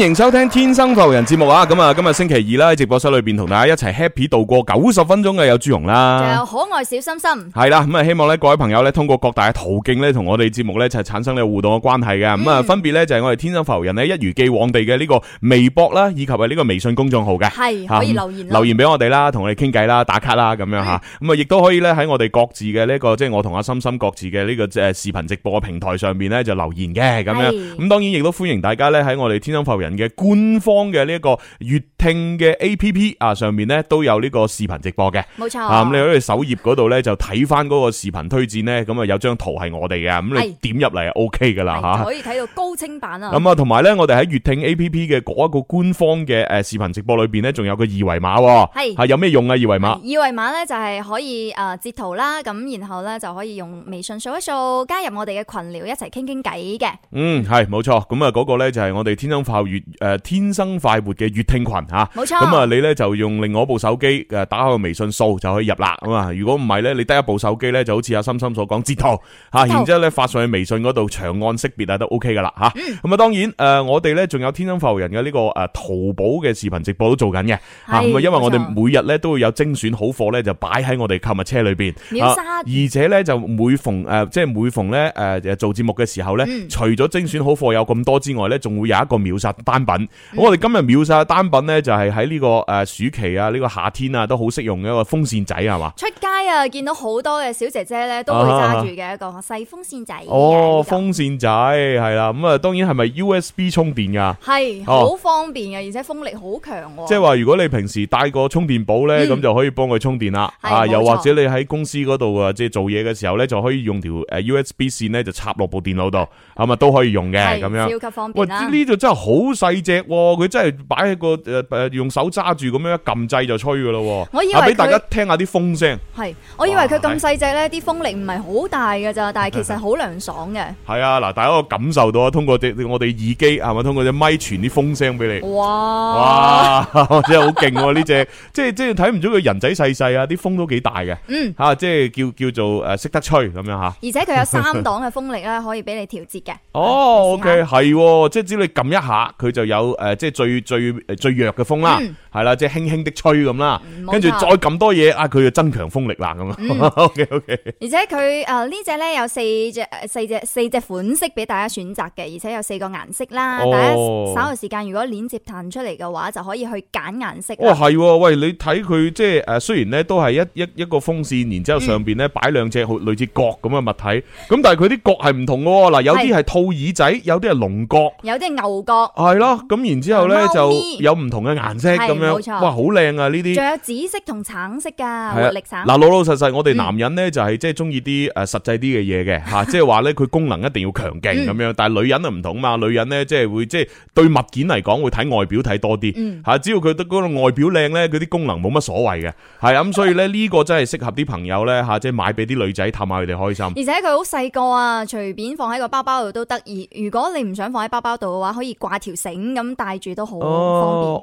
歡迎收聽《天生浮人》節目啊！咁啊，今日星期二啦，喺直播室裏邊同大家一齊 happy 度過九十分鐘嘅有朱蓉啦，就係可愛小心心係啦。咁啊，希望呢各位朋友呢，通過各大嘅途徑呢，同我哋節目呢，就係產生呢個互動嘅關係嘅。咁啊、嗯，分別呢，就係我哋《天生浮人》呢，一如既往地嘅呢個微博啦，以及係呢個微信公眾號嘅，係可以留言留言俾我哋啦，同我哋傾偈啦，打卡啦，咁樣吓。咁啊是，亦都可以呢，喺我哋各自嘅呢、這個即係、就是、我同阿心心各自嘅呢個即係視頻直播嘅平台上面呢，就留言嘅咁樣。咁是當然亦都歡迎大家呢，喺我哋《天生浮人》。嘅官方嘅呢一個粵聽嘅 A P P 啊，上面呢，都有呢個視頻直播嘅錯，冇錯、嗯。咁你喺你首頁嗰度呢，就睇翻嗰個視頻推薦呢。咁啊有張圖係我哋嘅，咁是你點入嚟 O K 噶啦吓，可以睇到高清版啊。咁啊、嗯，同埋呢，我哋喺粵聽 A P P 嘅嗰一個官方嘅誒視頻直播裏邊呢，仲有個二維碼，係是有咩用啊？二維碼二維碼呢，就係可以誒截圖啦，咁然後呢，就可以用微信掃一掃加入我哋嘅群聊，一齊傾傾偈嘅。嗯，係冇錯。咁啊嗰個呢，就係我哋天生教育。誒，天生快活嘅悅聽群吓，冇錯錯。咁啊、嗯，你咧就用另外一部手機誒，打開個微信掃就可以入啦。咁啊，如果唔係咧，你得一部手機咧，就好似阿心心所講截圖吓，圖然之後咧發上去微信嗰度長按識別啊，都 O K 噶啦吓。咁啊、嗯嗯，當然誒，我哋咧仲有天生快活人嘅呢個誒淘寶嘅視頻直播都做緊嘅吓。咁啊，因為我哋每日咧都會有精選好貨咧，就擺喺我哋購物車裏邊殺、啊，而且咧就每逢誒、呃、即係每逢咧誒、呃、做節目嘅時候咧，除咗精選好貨有咁多之外咧，仲會有一個秒殺。嗯、單品，我哋今日秒晒單品咧，就係喺呢個誒暑期啊，呢、呢個夏天啊，都好適用嘅一個風扇仔係嘛？出街啊，見到好多嘅小姐姐咧，都會揸住嘅一個細風扇仔、啊。哦，風扇仔係啦，咁啊，當然係咪 U S B 充電噶？係，好方便啊，哦、而且風力好強、啊。即係話，如果你平時帶個充電寶咧，咁、嗯、就可以幫佢充電啦。係、嗯，啊、錯又或者你喺公司嗰度啊，即係做嘢嘅時候咧，就可以用條誒 U S B 線咧，就插落部電腦度，係咪都可以用嘅？係是咁樣，超級方便啦。呢度真係好。細隻喎，佢真係擺喺個誒誒，用手揸住咁樣一撳掣就吹噶咯。我以為俾大家聽下啲風聲。係，我以為佢咁細隻咧，啲風力唔係好大嘅咋，但係其實好涼爽嘅。係啊，嗱，大家可感受到？啊，通過我哋耳機係咪通過隻咪傳啲風聲俾你。哇！哇！真係好勁喎，呢隻即係即係睇唔出佢人仔細細啊，啲風都幾大嘅。嗯。吓，即係叫叫做誒，識得吹咁樣吓。而且佢有三檔嘅風力咧，可以俾你調節嘅。哦，OK，係，即係只要你撳一下佢。就有誒，即係最最最弱嘅風啦，係啦、嗯，即係輕輕的吹咁啦，跟住錯再咁多嘢啊，佢就增強風力啦咁樣。嗯、 OK OK。而且佢誒、呃、呢隻咧有四隻四隻四隻款式俾大家選擇嘅，而且有四個顏色啦。哦，大家稍後時間如果鏈接彈出嚟嘅話，就可以去揀顏色。哇、哦，係、哦哦，喂，你睇佢即係誒，雖然咧都係一一一,一,一,一,一個風扇，然之後上邊咧擺兩隻類似角咁嘅物體，咁、嗯、但係佢啲角係唔同嘅喎。嗱，有啲係兔耳仔，有啲係龍角，有啲係牛角，是是咯，咁然之後咧就有唔同嘅顏色咁樣，哇，好靚啊！呢啲仲有紫色同橙色噶活力橙。嗱、啊，老老實實我哋男人咧就係即係中意啲誒實際啲嘅嘢嘅吓，嗯、即係話咧佢功能一定要強勁咁樣。嗯、但係女人啊唔同嘛，女人咧即係會即係、就是、對物件嚟講會睇外表睇多啲吓。嗯、只要佢得嗰個外表靚咧，佢啲功能冇乜所謂嘅。係咁、啊，所以咧呢個真係適合啲朋友咧吓，即係買俾啲女仔凼下佢哋開心。而且佢好細個啊，隨便放喺個包包度都得意。如果你唔想放喺包包度嘅話，可以掛條繩頂咁戴住都好方便。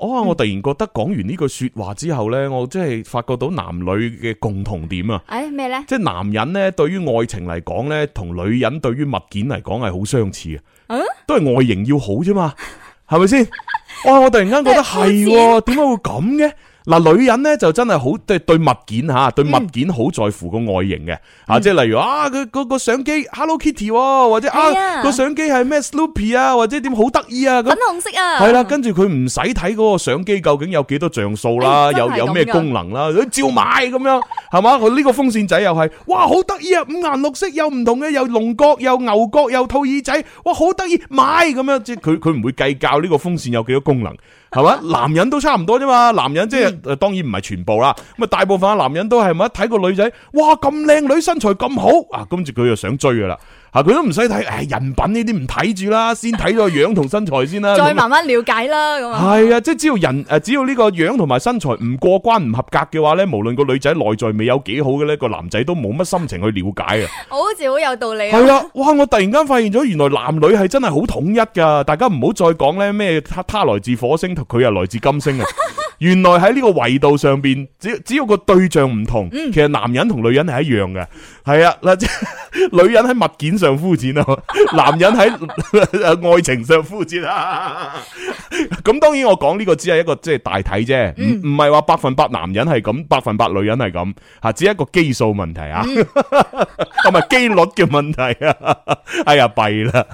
哦，我突然覺得講完呢句說話之後呢，我即係發覺到男女嘅共同點啊！哎、咩咧？即係男人咧，對於愛情嚟講呢，同女人對於物件嚟講係好相似啊！都係外形要好啫嘛，係咪先？哇、哦！我突然間覺得係喎，點解 自的會咁嘅？嗱，女人咧就真係好對對物件嚇，對物件好在乎個外形嘅嚇，即係、嗯、例如啊，佢嗰個相機 Hello Kitty 或者啊，是啊 opy，或者個相機係咩 Sloopy 啊，或者點好得意啊，粉紅色啊，係啦，跟住佢唔使睇嗰個相機究竟有幾多像素啦，又、嗯、有咩功能啦，佢照買咁樣係嘛？佢呢個風扇仔又係，哇，好得意啊，五顏六色又唔同嘅，又龍角又牛角又兔耳仔，哇，好得意，買咁樣，即係佢佢唔會計較呢個風扇有幾多功能。係嘛？男人都差唔多啫嘛，男人即係當然唔係全部啦。咁啊，大部分嘅男人都係咪一睇個女仔，哇，咁靚女，身材咁好啊，跟住佢又想追噶啦。嗱，佢都唔使睇，誒，人品呢啲唔睇住啦，先睇個樣同身材先啦，再慢慢了解啦。咁係啊，即係只要人誒，只要呢個樣同埋身材唔過關、唔合格嘅話咧，無論個女仔內在未有幾好嘅咧，個男仔都冇乜心情去了解啊。好似好有道理。係啊，哇！我突然間發現咗，原來男女係真係好統一噶。大家唔好再講咧咩，他他來自火星，佢又來自金星啊。原來喺呢個維度上邊，只只要個對象唔同，其實男人同女人係一樣嘅。係啊，嗱，女人喺物件上膚淺啊，男人喺誒愛情上膚淺啊。咁當然我講呢個只係一個即係大體啫，唔唔係話百分百男人係咁，百分百女人係咁吓，只係一個基數問題啊，係咪機率嘅問題啊。哎呀，弊啦。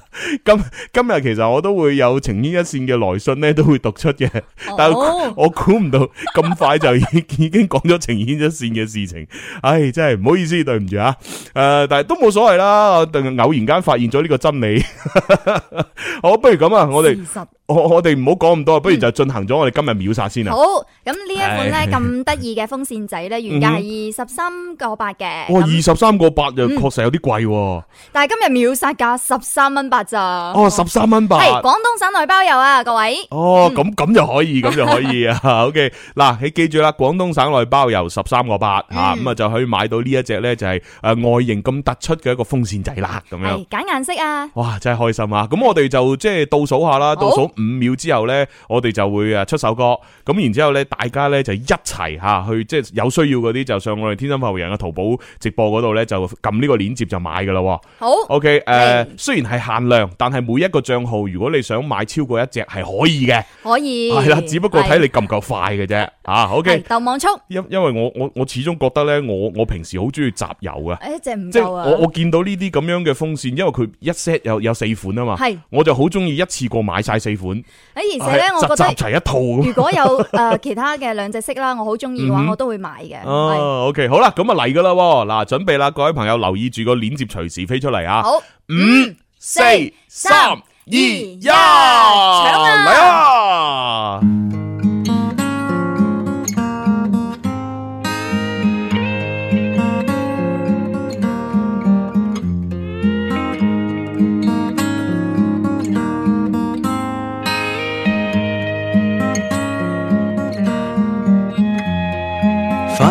今今日其實我都會有情牽一線嘅來信呢，都會讀出嘅，但係我估。估唔到咁快就已已經講咗呈現一線嘅事情，唉，真係唔好意思，對唔住啊，誒、呃，但係都冇所謂啦，突然偶然間發現咗呢個真理， 好，不如咁啊，我哋。我我哋唔好講咁多，不如就進行咗我哋今日秒殺先啦。好，咁呢一款咧，咁得意嘅風扇仔咧，原價係二十三個八嘅。哇，二十三個八就確實有啲貴。但係今日秒殺價十三蚊八咋。哦，十三蚊八。係廣東省內包郵啊，各位。哦，咁，咁就可以，咁就可以啊。O K，嗱，你記住啦，廣東省內包郵十三個八吓，咁啊就可以買到呢一隻咧，就係誒外形咁突出嘅一個風扇仔啦，咁樣。揀顏色啊！哇，真係開心啊！咁我哋就即係倒數下啦，倒數。五秒之後咧，我哋就會誒出首歌，咁然之後咧，大家咧就一齊吓、啊、去，即係有需要嗰啲就上我哋天心發人嘅淘寶直播嗰度咧，就撳呢個鏈接就買噶啦。好，O K 誒，okay, 呃、是雖然係限量，但係每一個賬號如果你想買超過一隻係可以嘅，可以係啦、啊，只不過睇你撳唔夠快嘅啫。是啊，O K，鬥網速，因、okay, 因為我我我始終覺得咧，我我平時好中意集郵啊。一隻唔夠啊，我我見到呢啲咁樣嘅風扇，因為佢一 set 有有四款啊嘛，係是我就好中意一次過買曬四款。哎，而且咧，我覺得集齊一套，如果有誒其他嘅兩隻色啦，我好中意嘅話，mm hmm. 我都會買嘅。哦、啊，OK，好啦，咁啊嚟噶啦。嗱，準備啦，各位朋友留意住個鏈接，隨時飛出嚟、yeah, 啊！好，五、四、三、二、一，嚟啦！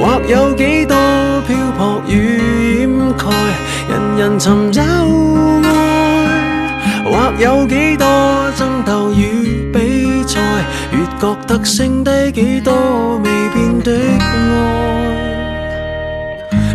或有幾多漂泊與掩蓋，人人尋找愛；或有幾多爭鬥與比賽，越覺得剩低幾多未變的愛。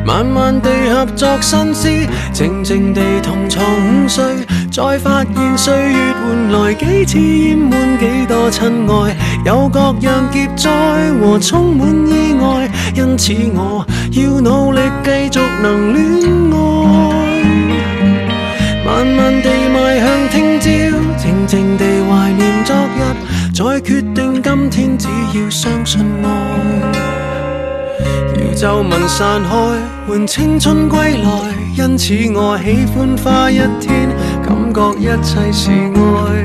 慢慢地合作心思，靜靜地同床午睡，再發現歲月換來幾次厭悶，幾多親愛，有各樣劫災和充滿意外，因此我要努力繼續能戀愛。慢慢地邁向聽朝，靜靜地懷念昨日，再決定今天，只要相信愛。皺紋散開，喚青春歸來。因此我喜歡花一天，感覺一切是愛。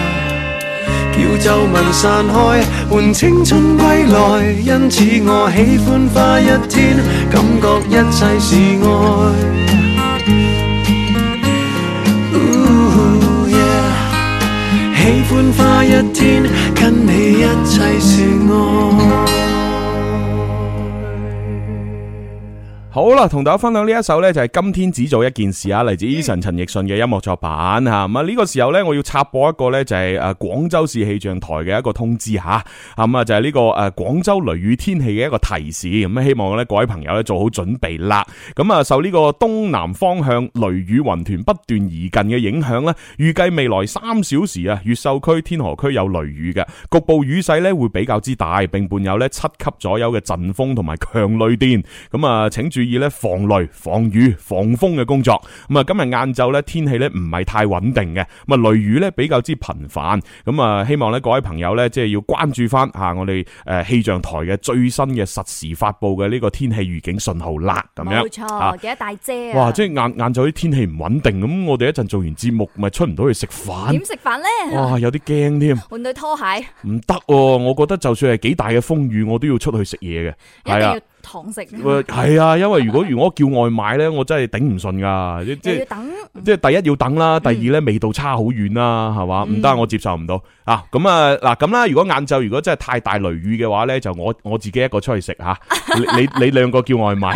叫皺紋散開，換青春歸來。因此我喜歡花一天，感覺一切是愛。哦耶，喜歡花一天，跟你一切是愛。好啦，同大家分享呢一首咧，就係今天只做一件事啊，嚟自 Eason 陳奕迅嘅音樂作品吓。咁、嗯、啊，呢、這個時候咧，我要插播一個咧、就是，就係誒廣州市氣象台嘅一個通知吓。咁、嗯、啊，就係、是、呢、這個誒廣、呃、州雷雨天氣嘅一個提示，咁、嗯、希望咧各位朋友咧做好準備啦。咁、嗯、啊，受呢個東南方向雷雨雲團不斷移近嘅影響咧，預計未來三小時啊，越秀區、天河區有雷雨嘅，局部雨勢咧會比較之大，並伴有咧七級左右嘅陣風同埋強雷電。咁、嗯、啊，請住。注意咧防雷、防雨、防風嘅工作。咁啊，今日晏晝咧天氣咧唔係太穩定嘅，咁啊雷雨咧比較之頻繁。咁啊，希望咧各位朋友咧即係要關注翻吓我哋誒氣象台嘅最新嘅實時發布嘅呢個天氣預警信號啦。咁樣，冇錯，記得帶遮哇，即係晏晏晝啲天氣唔穩定，咁我哋一陣做完節目咪出唔到去食飯。點食飯咧？哇，有啲驚添。換對拖鞋。唔得，啊，我覺得就算係幾大嘅風雨，我都要出去食嘢嘅，係啊。堂食，係糖啊，因為如果如果叫外賣咧，我真係頂唔順噶，即係等，即係第一要等啦，第二咧、嗯、味道差好遠啦，係嘛，唔得我接受唔到啊。咁啊，嗱咁啦，如果晏晝如果真係太大雷雨嘅話咧，就我我自己一個出去食吓、啊， 你你兩個叫外賣，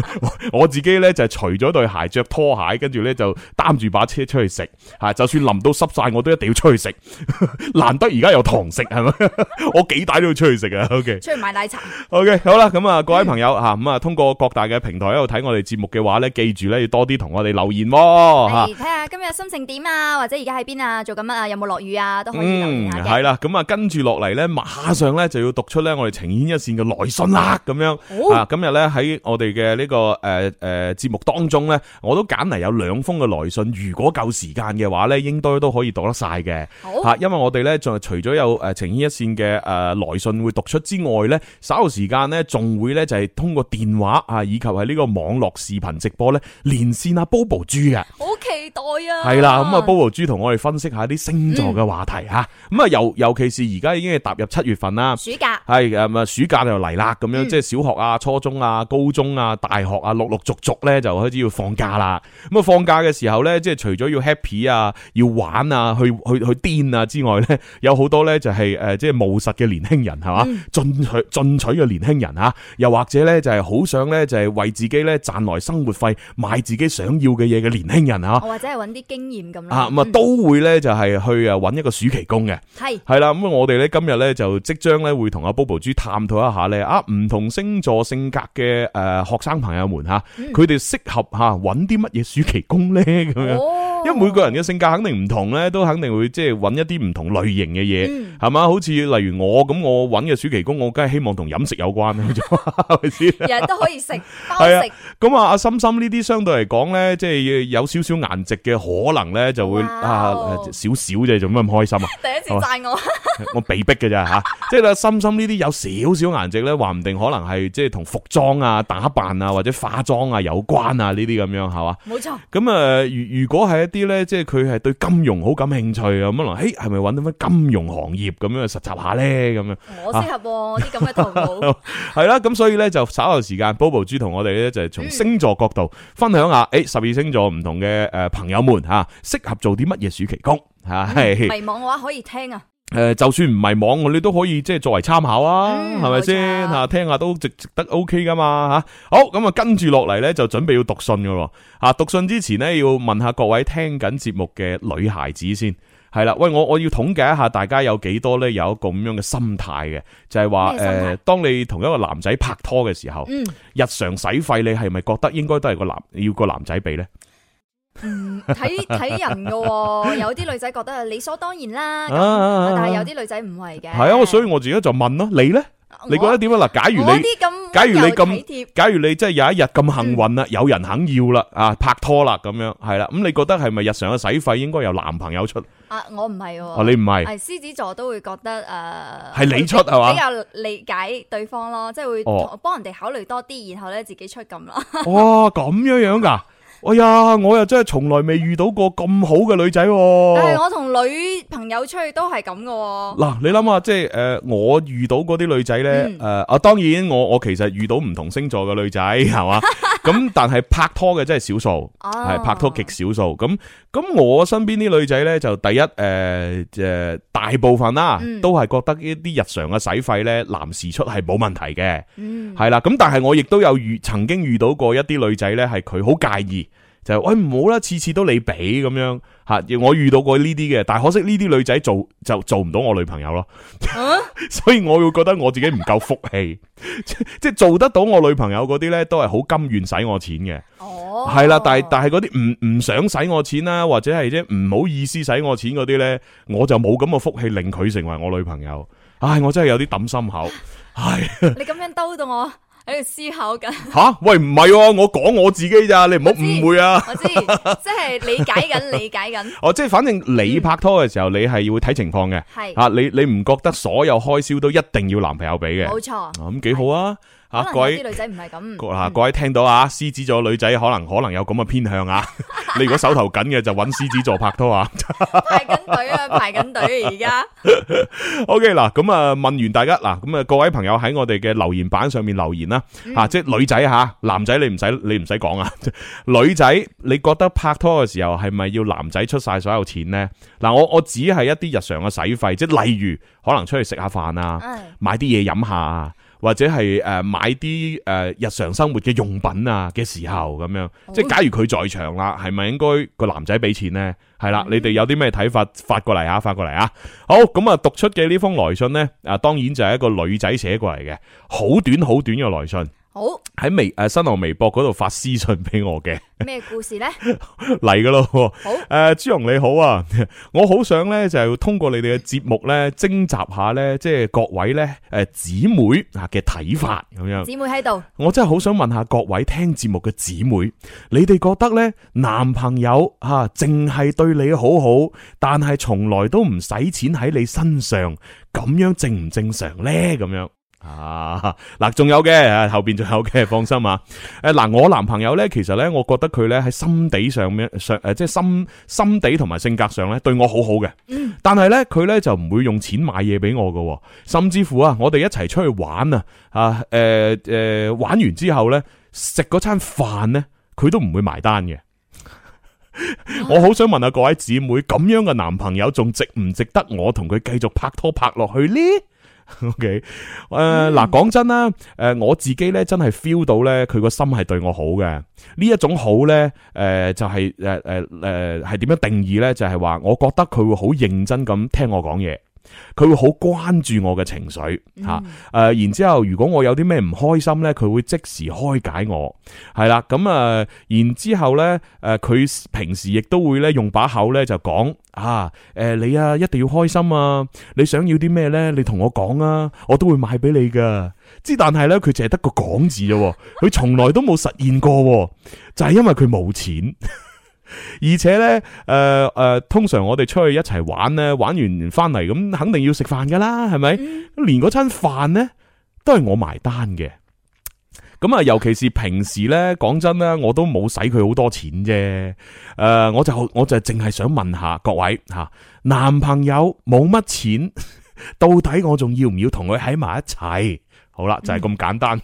我自己咧就除咗對鞋着拖鞋，跟住咧就擔住把車出去食吓、啊，就算淋到濕晒，我都一定要出去食。 難得而家有堂食係咪？ 我幾大都要出去食啊。OK，出去買奶茶。OK，好啦，咁啊。各位朋友吓，咁啊，通過各大嘅平台喺度睇我哋節目嘅話咧，記住咧要多啲同我哋留言喎、哦、吓。睇下、哎、今日心情點啊，或者而家喺邊啊，做緊乜啊，有冇落雨啊，都可以入下嘅。係啦、嗯，咁啊，跟住落嚟咧，馬上咧就要讀出咧我哋情牽一線嘅來信啦，咁樣、哦、啊，今日咧喺我哋嘅呢個誒誒節目當中咧，我都揀嚟有兩封嘅來信，如果夠時間嘅話咧，應該都可以讀得晒嘅。吓好、啊，因為我哋咧仲係除咗有誒情牽一線嘅誒來信會讀出之外咧，稍後時間咧仲會咧。就係通過電話啊，以及係呢個網絡視頻直播咧，連線阿、啊、Bobo 豬嘅。期待啊！係、嗯、啦，咁啊 Bobo 豬同我哋分析下啲星座嘅話題吓，咁啊、嗯，尤尤其是而家已經係踏入七月份啦，暑假係咁啊，暑假就嚟啦，咁樣、嗯、即係小學啊、初中啊、高中啊、大學啊，陸陸續續咧就開始要放假啦。咁啊，放假嘅時候咧，即係除咗要 happy 啊、要玩啊、去去去癲啊之外咧， 有好多咧就係、是、誒，即係務實嘅年輕人係嘛，進、嗯、取進取嘅年輕人吓，又或者咧就係好想咧就係為自己咧賺來生活費，買自己想要嘅嘢嘅年輕人啊。啊、或者係搵啲經驗咁啦，嗯、啊咁啊都會咧就係、係、去啊搵一個暑期工嘅係係啦。咁係、嗯、我哋咧今日咧就即將咧會同阿 Bobo 豬探討一下咧啊唔同星座性格嘅誒、呃、學生朋友們吓，佢哋適合吓搵啲乜嘢暑期工咧咁樣。哦因為每個人嘅性格肯定唔同咧，都肯定會即係揾一啲唔同類型嘅嘢，係嘛、嗯？好似例如我咁，我揾嘅暑期工，我梗係希望同飲食有關啦，係咪先？日都可以食，包食。咁啊，阿心心呢啲相對嚟講咧，即係有少，哇少少顏值嘅可能咧，就會啊少少啫，做咩咁開心啊？第一次讚我， 我被逼嘅啫吓，啊、 即係啦，心心呢啲有些少少顏值咧，話唔定可能係即係同服裝啊、打扮啊或者化妝啊有關啊呢啲咁樣係嘛？冇錯。咁啊，如如果係。啲咧，即係佢係對金融好感興趣啊咁可能，誒，係咪搵到咩金融行業咁樣去實習下咧咁樣？我適合啲咁嘅圖譜，係啦。咁所以咧就稍後時間，Bobo 豬同我哋咧就係從星座角度分享下，誒，十二星座唔同嘅誒朋友們吓，適合做啲乜嘢暑期工吓？係，迷茫嘅話可以聽啊。誒，就算唔係網我你都可以即係作為參考啊，係咪先吓？聽下都值值得 OK 噶嘛吓。好，咁啊跟住落嚟咧就準備要讀信噶喎。吓、啊，讀信之前咧要問下各位聽緊節目嘅女孩子先，係啦。喂，我我要統計一下大家有幾多咧有一個咁樣嘅心態嘅，就係話誒，當你同一個男仔拍拖嘅時候，嗯、日常使費你係咪覺得應該都係個男要個男仔俾咧？睇睇人嘅，有啲女仔覺得係理所當然啦，但係有啲女仔唔係嘅。係啊，所以我自己就問咯，你咧，你覺得點啊？嗱，假如你假如你咁，假如你真係有一日咁幸運啦，有人肯要啦，啊，拍拖啦咁樣，係啦，咁你覺得係咪日常嘅使費應該由男朋友出？啊，我唔係。哦，你唔係。係獅子座都會覺得誒，係你出係嘛？比較理解對方咯，即係會幫人哋考慮多啲，然後咧自己出咁咯。哇，咁樣樣噶。哎呀，我又真係從來未遇到過咁好嘅女仔，啊，但係我同女朋友出去都係咁噶。嗱、啊，你諗下，即係誒、呃，我遇到嗰啲女仔呢？誒、嗯，啊、呃，當然我我其實遇到唔同星座嘅女仔，係嘛。 咁但係拍拖嘅真係少數，係、啊、拍拖極少數。咁咁我身邊啲女仔呢，就第一誒，即、呃呃、大部分啦，嗯、都係覺得呢啲日常嘅使費呢，男士出係冇問題嘅，係啦、嗯。咁但係我亦都有遇，曾經遇到過一啲女仔呢，係佢好介意。就誒，唔好啦，次次都你俾咁樣吓，我遇到過呢啲嘅，但係可惜呢啲女仔做就做唔到我女朋友咯，啊、 所以我會覺得我自己唔夠福氣，即係 做得到我女朋友嗰啲呢，都係好甘願使我錢嘅，係啦、哦，但係但係嗰啲唔唔想使我錢啦，或者係即唔好意思使我錢嗰啲呢，我就冇咁嘅福氣令佢成為我女朋友，唉，我真係有啲抌心口，唉，你咁樣兜到我。喺度思考緊吓、啊、喂唔係、啊、我講我自己咋，你唔好誤會啊！我知、即係、理解緊理解緊 哦，即係反正你拍拖嘅時候、嗯、你係要會睇情況嘅係啊，你你唔覺得所有開銷都一定要男朋友俾嘅？冇錯，咁幾好啊！啊，各位，啲女仔唔係咁。嗱、啊，各位聽到啊，獅子座女仔可能可能有咁嘅偏向啊。 你如果手頭緊嘅，就搵獅子座拍拖啊。 排緊隊啊，排緊隊而家。OK，嗱，咁啊，問完大家，嗱，咁啊，各位朋友喺我哋嘅留言板上面留言啦。吓、嗯啊，即係女仔吓、啊，男仔你唔使你唔使講啊。女仔你覺得拍拖嘅時候係咪要男仔出晒所有錢咧？嗱、啊，我我，我只係一啲日常嘅使費，即係例如可能出去食下飯啊，買啲嘢飲下啊。啊或者係誒、呃、買啲誒、呃、日常生活嘅用品啊嘅時候咁樣，即係假如佢在場啦，係咪應該個男仔俾錢咧？係啦，你哋有啲咩睇法？發過嚟啊，發過嚟啊！好咁啊、嗯，讀出嘅呢封來信咧啊，當然就係一個女仔寫過嚟嘅，好短好短嘅來信。好喺微誒新浪微博嗰度發私信俾我嘅咩故事呢？嚟噶。 的咯好誒、呃、朱紅你好啊，我好想呢，就係通過你哋嘅節目呢，徵集下呢，即係各位呢，誒姊妹啊嘅睇法咁樣，姊妹喺度，我真係好想問下各位，問問各位聽節目嘅姊妹，你哋覺得呢？男朋友吓淨係對你好好，但係從來都唔使錢喺你身上咁樣正唔正常呢？咁樣？啊嗱，仲有嘅後邊仲有嘅，放心啊！誒嗱，我男朋友咧，其實咧，我覺得佢咧喺心底上面上，誒、啊，即係心心底同埋性格上咧，對我好好嘅。但係咧，佢咧就唔會用錢買嘢俾我㗎，甚至乎啊，我哋一齊出去玩啊，啊誒誒，玩完之後咧，食嗰餐飯咧，佢都唔會埋單嘅。 我好想問下各位姊妹，咁樣嘅男朋友仲值唔值得我同佢繼續拍拖拍落去呢？O K，誒，嗱，講真啦，誒，我自己咧真係 feel 到咧，佢個心係對我好嘅。呢一種好咧，誒、呃，就係誒誒誒，係、呃、點、呃呃、樣定義咧？就係話，我覺得佢會好認真咁聽我講嘢。佢會好關注我嘅情緒吓，誒、嗯啊，然之後如果我有啲咩唔開心呢，佢會即時開解我，係啦，咁啊，然之後咧，誒、啊，佢平時亦都會呢，用把口呢，就講啊，誒、呃，你啊一定要開心啊，你想要啲咩呢？你同我講啊，我都會買俾你噶，之但係呢，佢淨係得個講字啫，佢從來都冇實現過，就係、是、因為佢冇錢。 而且呢，誒、呃、誒、呃，通常我哋出去一齊玩呢，玩完翻嚟咁，肯定要食飯噶啦，係咪？連嗰餐飯呢，都係我埋單嘅。咁啊，尤其是平時呢，講真呢，我都冇使佢好多錢啫。誒、呃，我就我就淨係想問下各位吓、啊，男朋友冇乜錢，到底我仲要唔要同佢喺埋一齊？好啦，就係、是、咁簡單、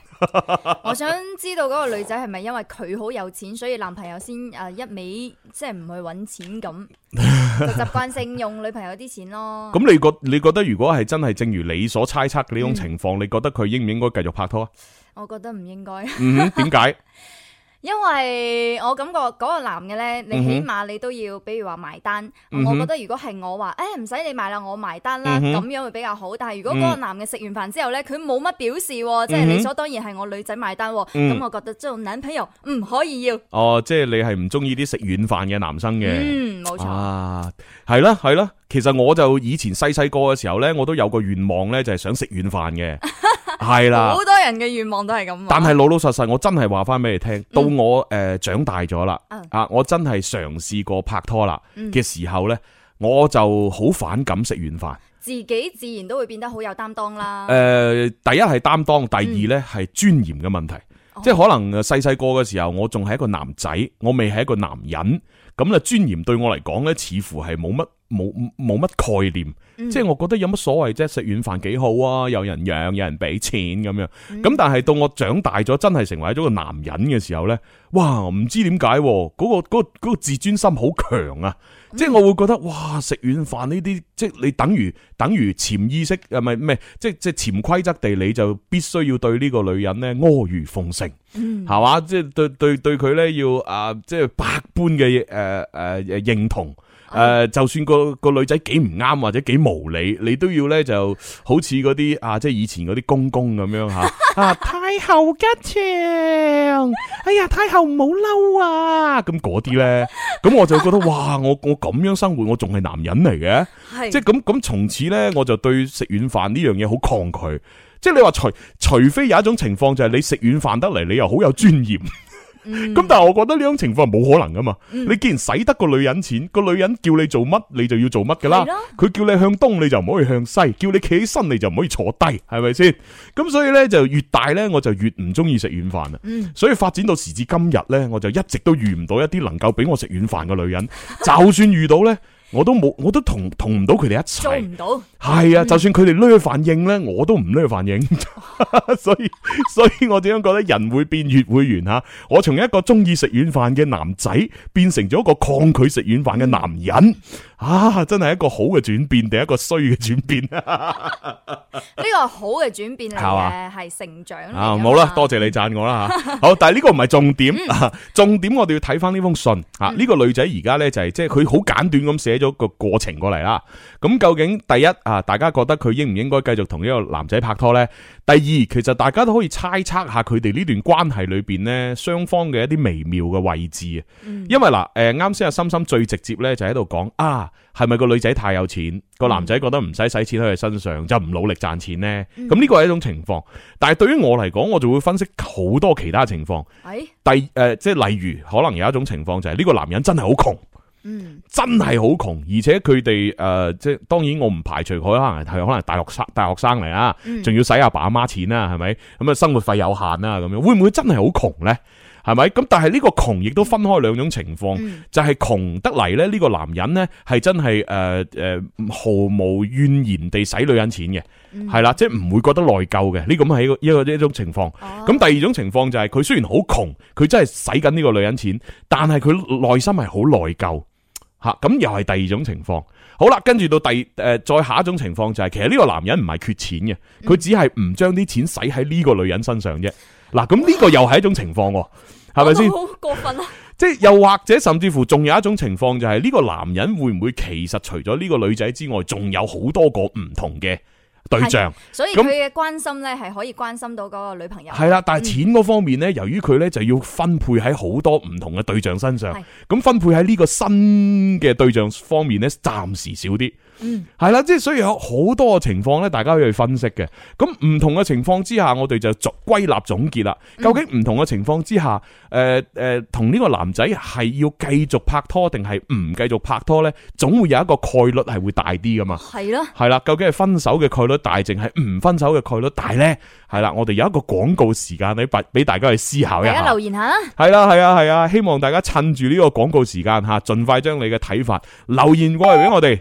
嗯。 我想知道嗰個女仔係咪因為佢好有錢，所以男朋友先誒、呃、一味，即係唔去揾錢咁，就習慣性用女朋友啲錢咯。咁你覺你覺得如果係真係正如你所猜測嘅呢種情況，嗯、你覺得佢應唔應該繼續拍拖啊？我覺得唔應該。嗯哼，點解？ 因為我感覺嗰個男嘅呢，mm hmm. 你起碼你都要，比如話埋單。Mm hmm. 我覺得如果係我話，誒，唔使你埋啦，我埋單啦，咁、mm hmm. 樣會比較好。但係如果嗰個男嘅食完飯之後呢，佢冇乜表示，即係理所當然係我女仔埋單。咁、mm hmm. 我覺得做男朋友，唔可以要。哦，即係你係唔中意啲食軟飯嘅男生嘅。嗯，冇錯。啊，係啦係啦，其實我就以前細細個嘅時候呢，我都有個願望呢，就係想食軟飯嘅。係啦，好多人嘅願望都係咁、啊。但係老老實實，我真係話翻俾你聽，到我誒長大咗啦，啊、嗯，我真係嘗試過拍拖啦嘅時候呢，嗯、我就好反感食軟飯，自己自然都會變得好有擔當啦。誒、呃，第一係擔當，第二呢係尊嚴嘅問題，嗯、即係可能細細個嘅時候，我仲係一個男仔，我未係一個男人，咁啊尊嚴對我嚟講呢，似乎係冇乜。冇冇乜概念，即係我覺得有乜所謂啫？食軟飯幾好啊？有人養，有人俾錢咁樣。咁但係到我長大咗，真係成為咗個男人嘅時候咧，哇！唔知點解嗰個嗰個嗰個自尊心好強啊！即係我會覺得哇，食軟飯呢啲，即係你等於等於潛意識誒，唔係咩？即係即係潛規則地，你就必須要對呢個女人咧阿諛奉承，係嘛，嗯？即係對對對佢咧要啊，即係百般嘅誒誒誒認同。誒，uh, 就算個個女仔幾唔啱或者幾無理，你都要咧就好似嗰啲啊，即係以前嗰啲公公咁樣吓， 啊太后吉祥，哎呀太后唔好嬲啊，咁嗰啲咧，咁我就覺得 哇，我我咁樣生活，我仲係男人嚟嘅？是即係咁咁從此咧，我就對食軟飯呢樣嘢好抗拒，即係你話除除非有一種情況就係你食軟飯得嚟，你又好有尊嚴。 咁、嗯、但係我覺得呢種情況冇可能噶嘛，嗯、你既然使得個女人錢，個女人叫你做乜你就要做乜噶啦，佢的叫你向東你就唔可以向西，叫你企起身你就唔可以坐低，係咪先？咁所以呢，就越大呢，我就越唔中意食軟飯啦，嗯、所以發展到時至今日呢，我就一直都遇唔到一啲能夠俾我食軟飯嘅女人，就算遇到呢。 我都冇，我都同同唔到佢哋一齊，做唔到。係啊，就算佢哋嚟反應呢，我都唔嚟反應。 所以，所以我點樣覺得人會變月會圓吓。我從一個中意食軟飯嘅男仔，變成咗一個抗拒食軟飯嘅男人。啊，真係一個好嘅轉變定一個衰嘅轉變啊？呢個好嘅轉變嚟嘅，係成長啊！好啦是，多謝你讚我啦吓。 好，但係呢個唔係重點，嗯、重點我哋要睇返呢封信、嗯、啊。呢、這個女仔而家呢，就係即係佢好簡短咁寫咗個過程過嚟啦。咁究竟第一啊，大家覺得佢應唔應該繼續同呢個男仔拍拖呢？第二，其實大家都可以猜測下佢哋呢段關係裏邊呢，雙方嘅一啲微妙嘅位置啊。嗯、因為嗱，誒、呃，啱先阿心心最直接呢，就喺度講啊，係咪個女仔太有錢，個男仔覺得唔使使錢喺佢身上，就唔努力賺錢呢？咁呢、嗯、個係一種情況。但係對於我嚟講，我就會分析好多其他情況。第誒、呃，即係例如，可能有一種情況就係呢個男人真係好窮。嗯，真係好窮，而且佢哋誒，即、呃、係當然，我唔排除佢可能係可能大學生大學生嚟啊，仲、嗯、要使阿爸阿媽錢啦，係咪咁啊？生活費有限啦，咁樣會唔會真係好窮咧？係咪咁？但係呢個窮亦都分開兩種情況，嗯、就係窮得嚟咧，呢、呢個男人咧係真係誒誒，毫無怨言地使女人錢嘅，係啦、嗯，即係唔會覺得內疚嘅呢個係一個一種情況。咁、嗯、第二種情況就係、是、佢雖然好窮，佢真係使緊呢個女人錢，但係佢內心係好內疚。吓，咁、啊、又係第二種情況。好啦，跟住到第誒、呃，再下一種情況就係、是，其實呢個男人唔係缺錢嘅，佢只係唔將啲錢使喺呢個女人身上啫。嗱、啊，咁呢個又係一種情況、啊，係咪先？好過分啊！即係又或者甚至乎仲有一種情況就係、是，呢、這個男人會唔會其實除咗呢個女仔之外，仲有好多個唔同嘅？對象，所以佢嘅關心呢係可以關心到嗰個女朋友。係啦那，但係錢嗰方面呢，由於佢呢就要分配喺好多唔同嘅對象身上，咁的分配喺呢個新嘅對象方面呢，暫時少啲。嗯，係啦，即係所以有好多嘅情況咧，大家可以去分析嘅。咁唔同嘅情況之、嗯、之下，我哋就總歸納總結啦。究竟唔同嘅情況之下，誒誒，同呢個男仔係要繼續拍拖定係唔繼續拍拖咧？總會有一個概率，係會大啲噶嘛？係咯的，係啦。究竟係分手嘅概率大，定係唔分手嘅概率大咧？係啦，我哋有一個廣告時間，你俾俾大家去思考一下，大家留言下啦。係啦，係啊，係啊，希望大家趁住呢個廣告時間吓，盡快將你嘅睇法留言過嚟俾我哋。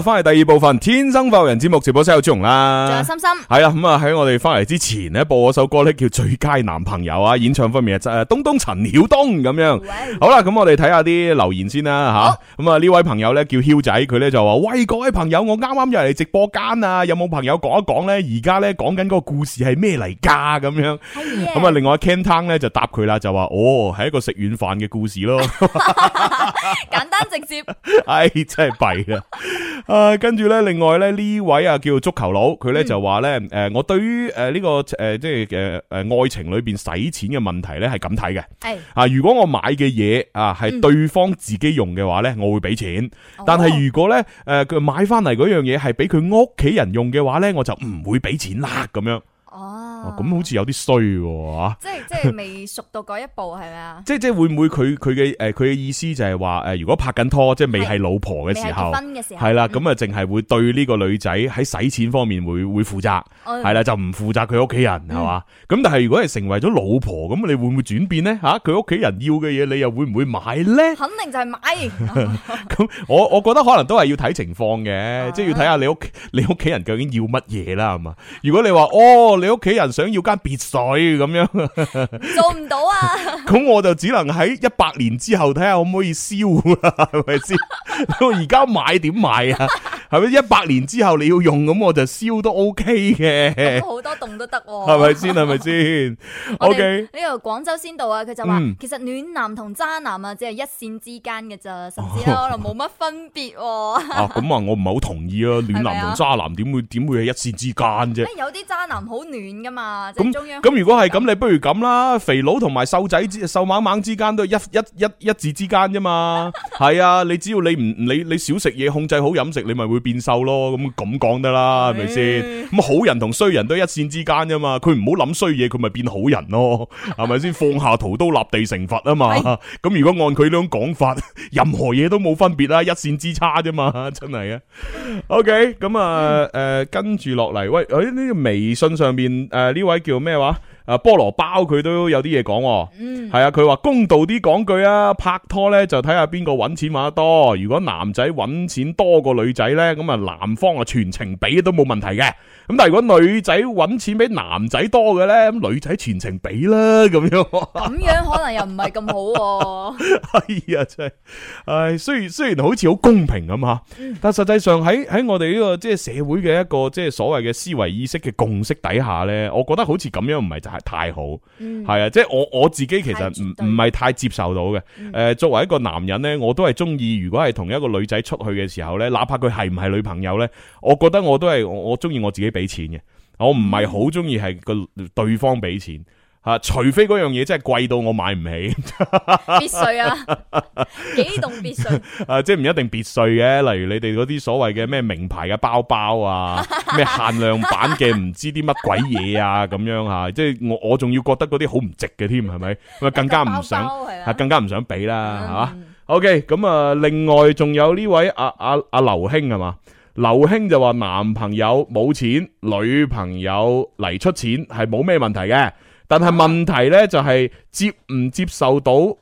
翻嚟第二部分《天生浮人節目》，節目直播室有朱紅啦，仲有心心係啦。咁啊，喺我哋翻嚟之前咧，播嗰首歌咧叫《最佳男朋友》啊，演唱方面啊，誒，東東陳曉東咁樣。好啦，咁我哋睇下啲留言先啦，吓，咁啊，呢位朋友咧叫囂仔，佢咧就話：喂，各位朋友，我啱啱入嚟直播間啊，有冇朋友講一講咧？而家咧講緊嗰個故事係咩嚟噶？咁樣。係啊的。咁啊，另外 Ken Tong 咧就答佢啦，就話：哦，係一個食軟飯嘅故事咯。 簡單直接。唉、 哎，真係弊啊！啊，跟住咧，另外咧呢位啊叫足球佬，佢咧、嗯、就話咧，誒、呃，我對於誒呢個誒即係誒誒愛情裏邊使錢嘅問題咧係咁睇嘅，係啊，如果我買嘅嘢啊係對方自己用嘅話咧，我會俾錢，但係如果咧誒佢買翻嚟嗰樣嘢係俾佢屋企人用嘅話咧，我就唔會俾錢啦咁樣。哦，咁好似有啲衰喎，即係即係未熟到嗰一步，係咪啊？即係即係會唔會佢佢嘅誒佢嘅意思就係話誒如果拍緊拖，即係未係老婆嘅時候，係啦，咁啊淨係會對呢個女仔喺使錢方面會會負責，係、嗯、啦，就唔負責佢屋企人係嘛。咁、嗯、但係如果係成為咗老婆，咁你會唔會轉變呢？吓、啊？佢屋企人要嘅嘢，你又會唔會買咧？肯定就係買 。咁我我覺得可能都係要睇情況嘅，嗯、 即係要睇下你屋你屋企人究竟要乜嘢啦，係嘛？如果你話哦。你屋企人想要間別墅咁樣，做唔到啊！咁我就只能喺一百年之後睇下可唔可以燒啦，係咪先？到而家買點買啊？係咪一百年之後你要用咁我就燒都 OK 嘅，好多棟都得，啊，係咪先？係咪先？OK。呢個廣州先導啊，佢就話其實暖男同渣男啊，只係一線之間嘅咋，甚至可能冇乜分別。啊，咁啊，我唔係好同意啊，是是暖男同渣男點會點會係一線之間啫？是是有啲渣男好暖噶嘛？咁、就、咁、是、如果係咁，你不如咁啦，肥佬同埋瘦仔之瘦蜢蜢之間都一一一一,一字之間啫嘛？係 啊，你只要你唔你你少食嘢，控制好飲食，你咪會，變瘦咯，咁咁講得啦，係咪先？咁、嗯嗯、好人同衰人都一線之間啫嘛，佢唔好諗衰嘢，佢咪變好人咯，係咪先？放下屠刀立地成佛啊嘛！咁的、嗯、如果按佢呢種講法，任何嘢都冇分別啦，一線之差啫嘛，真係啊。OK，咁、嗯、啊，誒、嗯，跟住落嚟，喂，喺呢個微信上面，誒、呃，呢位叫咩話？菠蘿包佢都有啲嘢講，嗯，係啊，佢話公道啲講句啊，拍拖呢就睇下邊個揾錢揾得多，如果男仔揾錢多過女仔呢，咁啊男方啊全程俾都冇問題嘅。咁但係如果女仔揾錢比男仔多嘅咧，咁女仔全程俾啦咁樣，咁樣可能又唔係咁好，啊、 哎呀真係，誒，雖然雖然好似好公平咁吓，但實際上喺喺我哋呢個即係社會嘅一個即係所謂嘅思維意識嘅共識底下咧，我覺得好似咁樣唔係就係太好，係、嗯、啊，即、就、係、是，我我自己其實唔唔係太接受到嘅。誒、嗯，作為一個男人咧，我都係中意如果係同一個女仔出去嘅時候咧，哪怕佢係唔係女朋友咧，我覺得我都係我中意我自己俾。俾錢嘅，我唔係好中意係個對方俾錢吓，除非嗰樣嘢真係貴到我買唔起。別 墅啊，幾棟別墅啊， 即係唔一定別墅嘅，例如你哋嗰啲所謂嘅咩名牌嘅包包啊，咩 限量版嘅唔知啲乜鬼嘢啊，咁樣吓，即係我我仲要覺得嗰啲好唔值嘅添，係咪？咁啊更加唔想，係更加唔想俾啦，係嘛？嗯。OK，咁啊，另外仲有呢位阿阿阿劉兄係嘛？啊啊啊啊啊啊啊啊劉兄就話男朋友冇錢，女朋友嚟出錢係冇咩問題嘅，但係問題呢，就係接唔接受到誒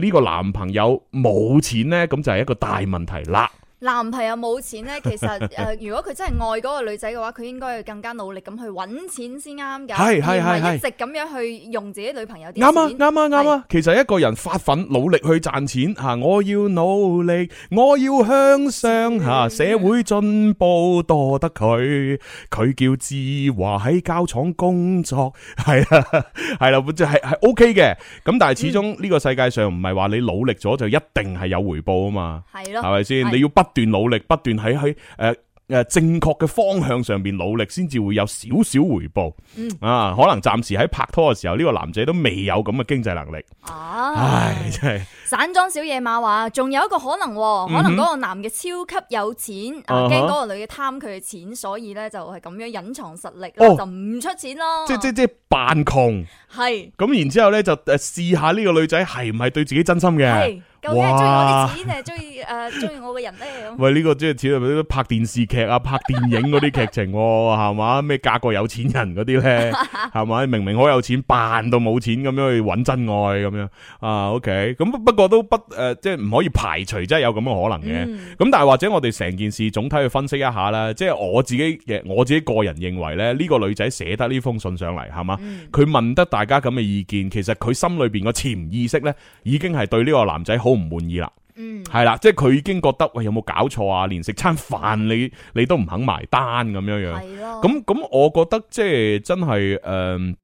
呢個男朋友冇錢呢？咁就係一個大問題啦。男朋友冇錢呢？其實誒、呃，如果佢真係愛嗰個女仔嘅話，佢應該要更加努力咁去揾錢先啱㗎，而唔係一直咁樣去用自己女朋友啲錢。啱啊，啱啊，啱啊！是其實一個人發奮努力去賺錢吓，我要努力，我要向上吓，社會進步多得佢，佢叫志華喺膠廠工作，係啊，係啦、啊，本就係 OK 嘅。咁但係始終呢、嗯、個世界上唔係話你努力咗就一定係有回報啊嘛，係咯、啊，係咪先？你要不不斷努力，不斷喺喺誒誒正確嘅方向上邊努力，先至會有少少回報。嗯啊，可能暫時喺拍拖嘅時候，呢、這個男仔都未有咁嘅經濟能力啊。唉真係。散裝小野馬話：，仲有一個可能、哦，可能嗰個男嘅超級有錢嗯嗯啊，驚嗰個女嘅貪佢嘅錢，所以咧就係咁樣隱藏實力，哦、就唔出錢咯。嗯、即即扮窮。係。咁是然之後咧就誒試下呢個女仔係唔係對自己真心嘅。是咁你中意我啲錢，定係中意誒，中意、uh, 我嘅人咧？喂，呢、這個即係似係拍電視劇啊，拍電影嗰啲劇情係、啊、嘛？咩 嫁個有錢人嗰啲咧？係嘛？明明好有錢，扮到冇錢咁樣去搵真愛咁樣啊？OK，咁不過都不誒，即係唔可以排除，即係有咁嘅可能嘅。咁、嗯、但係或者我哋成件事總體去分析一下咧，即、就、係、是、我自己嘅，我自己個人認為咧，呢、這個女仔寫得呢封信上嚟係嘛？佢、嗯、問得大家咁嘅意見，其實佢心裏邊個潛意識咧，已經係對呢個男仔好唔滿意啦，係啦、嗯，即係佢已經覺得喂、哎，有冇搞錯啊？連食餐飯你你都唔肯埋單咁樣樣，咁咁是的 我覺得即係真係誒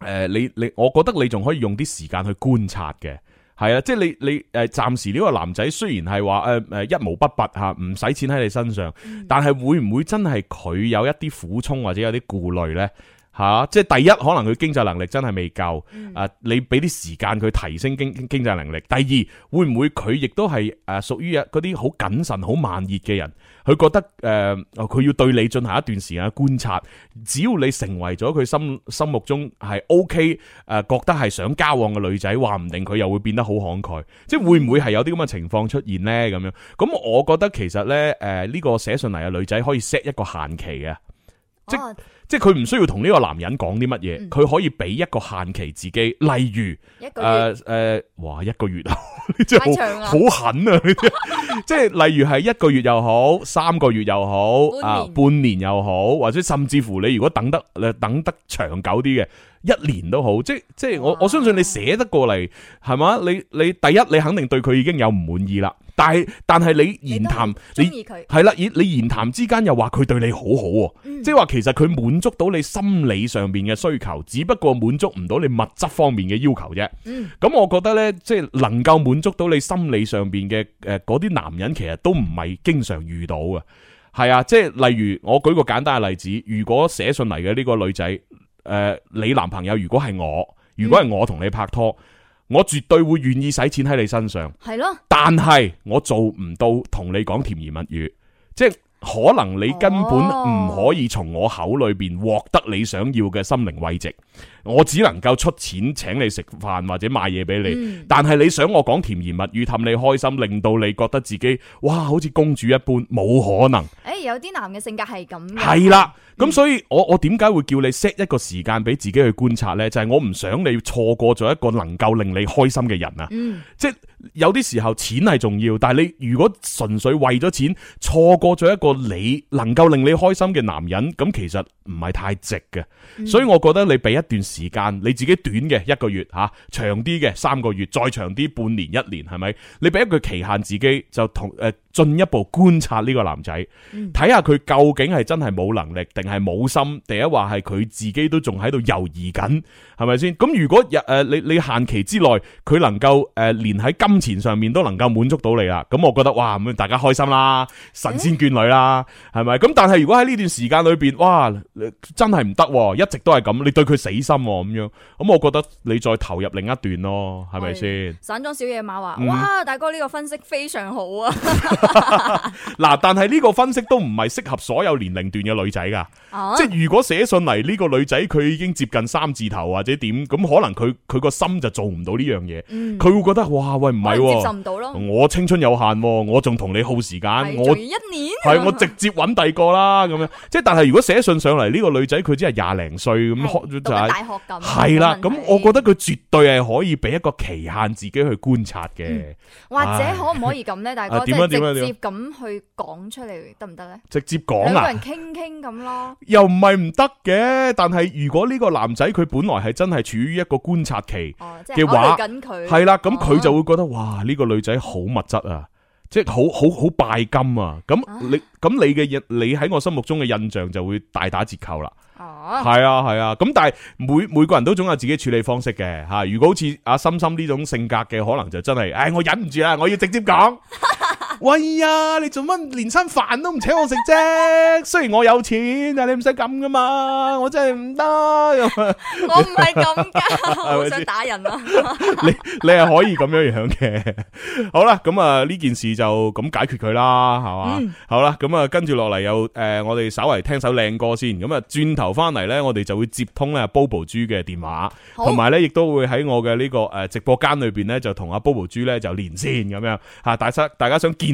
誒，你你，我覺得你仲可以用啲時間去觀察嘅，係啊，即係你你誒，暫時呢個男仔雖然係話誒誒一毛不拔吓，唔使錢喺你身上，嗯、但係會唔會真係佢有一啲苦衷或者有啲顧慮呢？吓，即係第一，可能佢經濟能力真係未夠，誒，你俾啲時間佢提升經經濟能力。第二，會唔會佢亦都係誒，屬於一嗰啲好謹慎、好慢熱嘅人，佢覺得誒，佢要對你進行一段時間嘅觀察。只要你成為咗佢心心目中係 OK，誒，覺得係想交往嘅女仔，話唔定佢又會變得好慷慨。即係會唔會係有啲咁嘅情況出現呢？咁樣，咁我覺得其實咧，誒，呢個寫信嚟嘅女仔可以 set 一個限期嘅，即係。即係佢唔需要同呢個男人講啲乜嘢，佢、嗯、可以俾一個限期自己，例如，誒誒、呃呃，哇一個月啊，呢啲真係好，好狠啊！ 即係例如係一個月又好，三個月又好，啊半年又、呃、好，或者甚至乎你如果等得誒等得長久啲嘅。一年都好，即係即係我哇 我相信你寫得過嚟，係嘛？你你第一你肯定對佢已經有唔滿意啦，但係但係你言談，你係啦，而你言談之間又話佢對你好好、啊、喎，嗯、即係話其實佢滿足到你心理上面嘅需求，只不過滿足唔到你物質方面嘅要求啫。咁、嗯、我覺得呢，即係能夠滿足到你心理上邊嘅誒嗰啲男人，其實都唔係經常遇到嘅。係啊，即係例如我舉個簡單嘅例子，如果寫信嚟嘅呢個女仔。誒、呃，你男朋友如果係我，如果係我同你拍拖，嗯、我絕對會願意使錢喺你身上，係咯的。但係我做唔到同你講甜言蜜語，即係可能你根本唔可以從我口裏邊獲得你想要嘅心靈慰藉。我只能夠出錢請你食飯或者買嘢俾你。嗯、但係你想我講甜言蜜語氹你開心，令到你覺得自己哇好似公主一般，冇可能。誒、欸、有啲男嘅性格係咁。係啦的，咁、嗯、所以我我點解會叫你 set 一個時間俾自己去觀察咧？就係、是、我唔想你錯過咗一個能夠令你開心嘅人啊。即係、嗯、有啲時候錢係重要，但係你如果純粹為咗錢錯過咗一個你能夠令你開心嘅男人，咁其實唔係太值嘅。所以我覺得你俾一段時。時間你自己短嘅一個月吓、啊，長啲嘅三個月，再長啲半年一年係咪？你俾一個期限自己就同誒進、呃、一步觀察呢個男仔，睇下佢究竟係真係冇能力，定係冇心，定一話係佢自己都仲喺度猶豫緊，係咪先？咁如果日誒、呃、你你限期之內佢能夠誒、呃、連喺金錢上面都能夠滿足到你啦，咁我覺得哇，咁大家開心啦，神仙眷侶啦，係咪？咁但係如果喺呢段時間裏邊，哇，真係唔得，一直都係咁，你對佢死心、啊。咁樣，咁我覺得你再投入另一段咯，係咪先？散裝小野馬話：，哇，大哥呢個分析非常好啊！嗱，但係呢個分析都唔係適合所有年齡段嘅女仔噶，即係如果寫信嚟呢個女仔佢已經接近三字頭或者點，咁可能佢佢個心就做唔到呢樣嘢，佢會覺得：，哇喂，唔係，接受唔到咯，我青春有限，我仲同你耗時間，我一年，係我直接揾第二個啦，咁樣。即係但係如果寫信上嚟呢個女仔佢只係廿零歲咁，就係。係啦，咁我覺得佢絕對係可以俾一個期限自己去觀察嘅、嗯，或者可唔可以咁呢？大家點、啊、樣點、啊、樣直接咁去講出嚟得唔得咧？直接講啊！兩個人傾傾咁咯，又唔係唔得嘅。但係如果呢個男仔佢本來係真係處於一個觀察期嘅話，係啦、啊，咁佢就會覺得、啊、哇，呢、呢個女仔好物質啊！即係好好好拜金啊！咁你咁你嘅印，你喺我心目中嘅印象就會大打折扣啦。哦，係啊係啊！咁、啊啊、但係每每個人都總有自己處理方式嘅嚇。如果好似阿心心呢種性格嘅，可能就真係，唉、哎，我忍唔住啊，我要直接講。 喂呀！你做乜連餐飯都唔請我食啫？雖然我有錢，但係你唔使咁噶嘛。我真係唔得，我唔係咁噶，我好 想打人啊 你！你你係可以咁樣樣嘅。 好啦，咁啊呢件事就咁解決佢啦，係嘛？嗯、好啦，咁啊跟住落嚟又誒，我哋稍為聽首靚歌先。咁啊轉頭翻嚟呢，我哋就會接通咧，Bobo 豬嘅電話，同埋好呢亦都會喺我嘅呢個誒直播間裏邊呢，就同阿 Bobo 豬呢就連線咁樣吓。大家大家想見。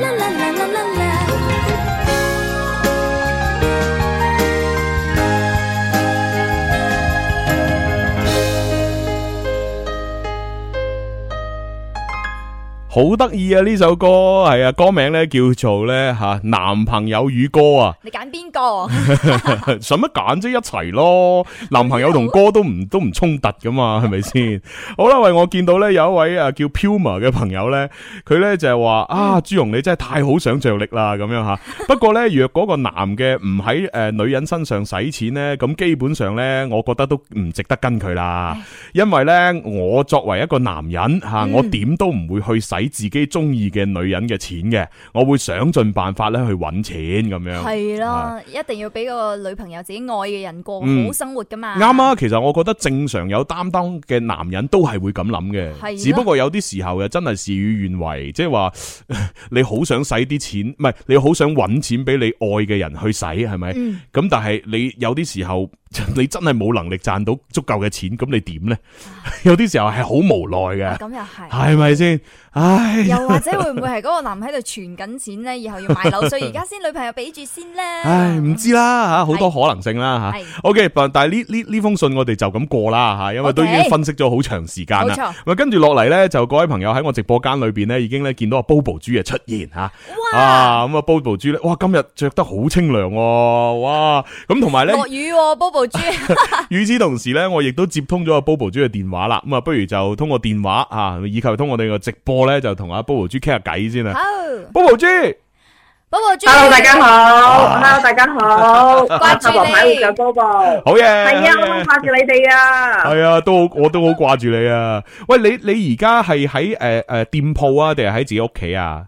啦啦啦。好得意啊！呢首歌係啊，歌名咧叫做咧吓男朋友與歌啊。你揀邊個？使乜揀啫一齊咯？男朋友同歌都唔都唔衝突噶嘛，係咪先？好啦，喂，我見到咧有一位啊叫 Puma 嘅朋友咧，佢咧就係話啊朱蓉你真係太好想象力啦咁樣吓。不過咧若嗰個男嘅唔喺誒女人身上使錢咧，咁基本上咧我覺得都唔值得跟佢啦。因為咧我作為一個男人吓，我點都唔會去使。俾自己中意嘅女人嘅錢嘅，我會想盡辦法咧去揾錢咁樣。係咯，一定要俾個女朋友自己愛嘅人過好生活噶嘛。啱啊，其實我覺得正常有擔當嘅男人都係會咁諗嘅。只不過有啲時候又真係事與願違，即係話你好想使啲錢，唔係你好想揾錢俾你愛嘅人去使，係咪？咁但係你有啲時候你真係冇能力賺到足夠嘅錢，咁你點呢？有啲時候係好無奈嘅。咁又係。係咪先？啊！唉又或者會唔會係嗰個男喺度存緊錢咧？以後要買樓，所以而家先女朋友俾住先咧。唉，唔知啦吓，好多可能性啦吓。o、okay, k 但係呢呢呢封信我哋就咁過啦吓，因為都已經分析咗好長時間啦。跟住落嚟咧，就各位朋友喺我直播間裏邊咧，已經咧見到阿 Bobo 豬嘅出現吓哇、啊。哇！咁啊 Bobo 豬咧，哇今日着得好清涼，哇！咁同埋咧落雨，Bobo 豬。與 此同時咧，我亦都接通咗阿 Bobo 豬嘅電話啦。咁啊，不如就通過電話吓，以及通過我哋嘅直播咧。就同阿 Bobo 豬傾下偈先啦。好 Hello.，Bobo 豬，Bobo 豬。Hello，大家好。啊、Hello，大家好。掛住 你。睇住波波。好嘢，係啊，我掛住你哋啊。係啊，都我都好掛住你啊。喂，你你而家係喺誒誒店鋪啊，定係喺自己屋企啊？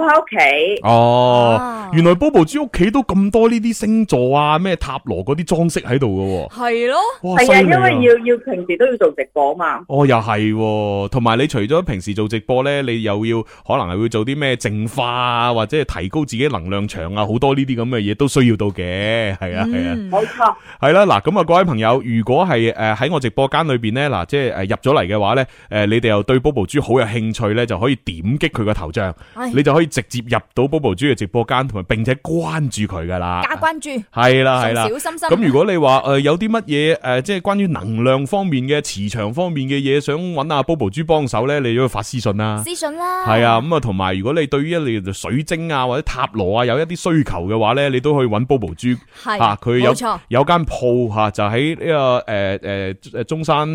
喺屋企哦，啊、原來 Bobo 豬屋企都咁多呢啲星座啊，咩塔羅嗰啲裝飾喺度噶喎。係咯，係啊，因為要要平時都要做直播嘛。哦，又係、啊，同埋你除咗平時做直播咧，你又要可能係會做啲咩淨化啊，或者係提高自己能量場啊，好多呢啲咁嘅嘢都需要到嘅，係啊，係、嗯、啊，冇錯。係啦，嗱，咁啊，各位朋友，如果係誒喺我直播間裏邊咧，嗱，即係誒入咗嚟嘅話咧，誒，你哋又對 Bobo 豬好有興趣咧，就可以點擊佢個頭像，唉你就可以。直接入到 Bobo 豬嘅直播間，同埋並且關注佢噶啦，加關注係啦係啦，小心心。咁如果你話誒有啲乜嘢誒，即係關於能量方面嘅、磁場方面嘅嘢，想揾阿 Bobo 豬幫手咧，你都要發私信啦。私信啦。係啊，咁啊，同埋如果你對於你水晶啊或者塔羅啊有一啲需求嘅話咧，你都可以揾 Bobo 豬。係。啊，佢有有間鋪吓，就喺呢個誒誒誒中山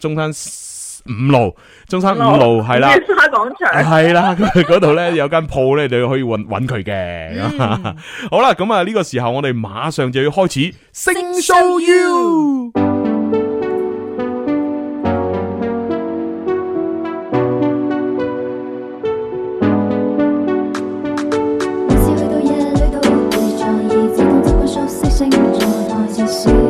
中山。中山五路，中山五路係啦，沙廣場係啦，咁佢嗰度咧有間鋪咧，你可以搵搵佢嘅。嗯、 好啦，咁啊呢個時候我哋馬上就要開始星 show you。星星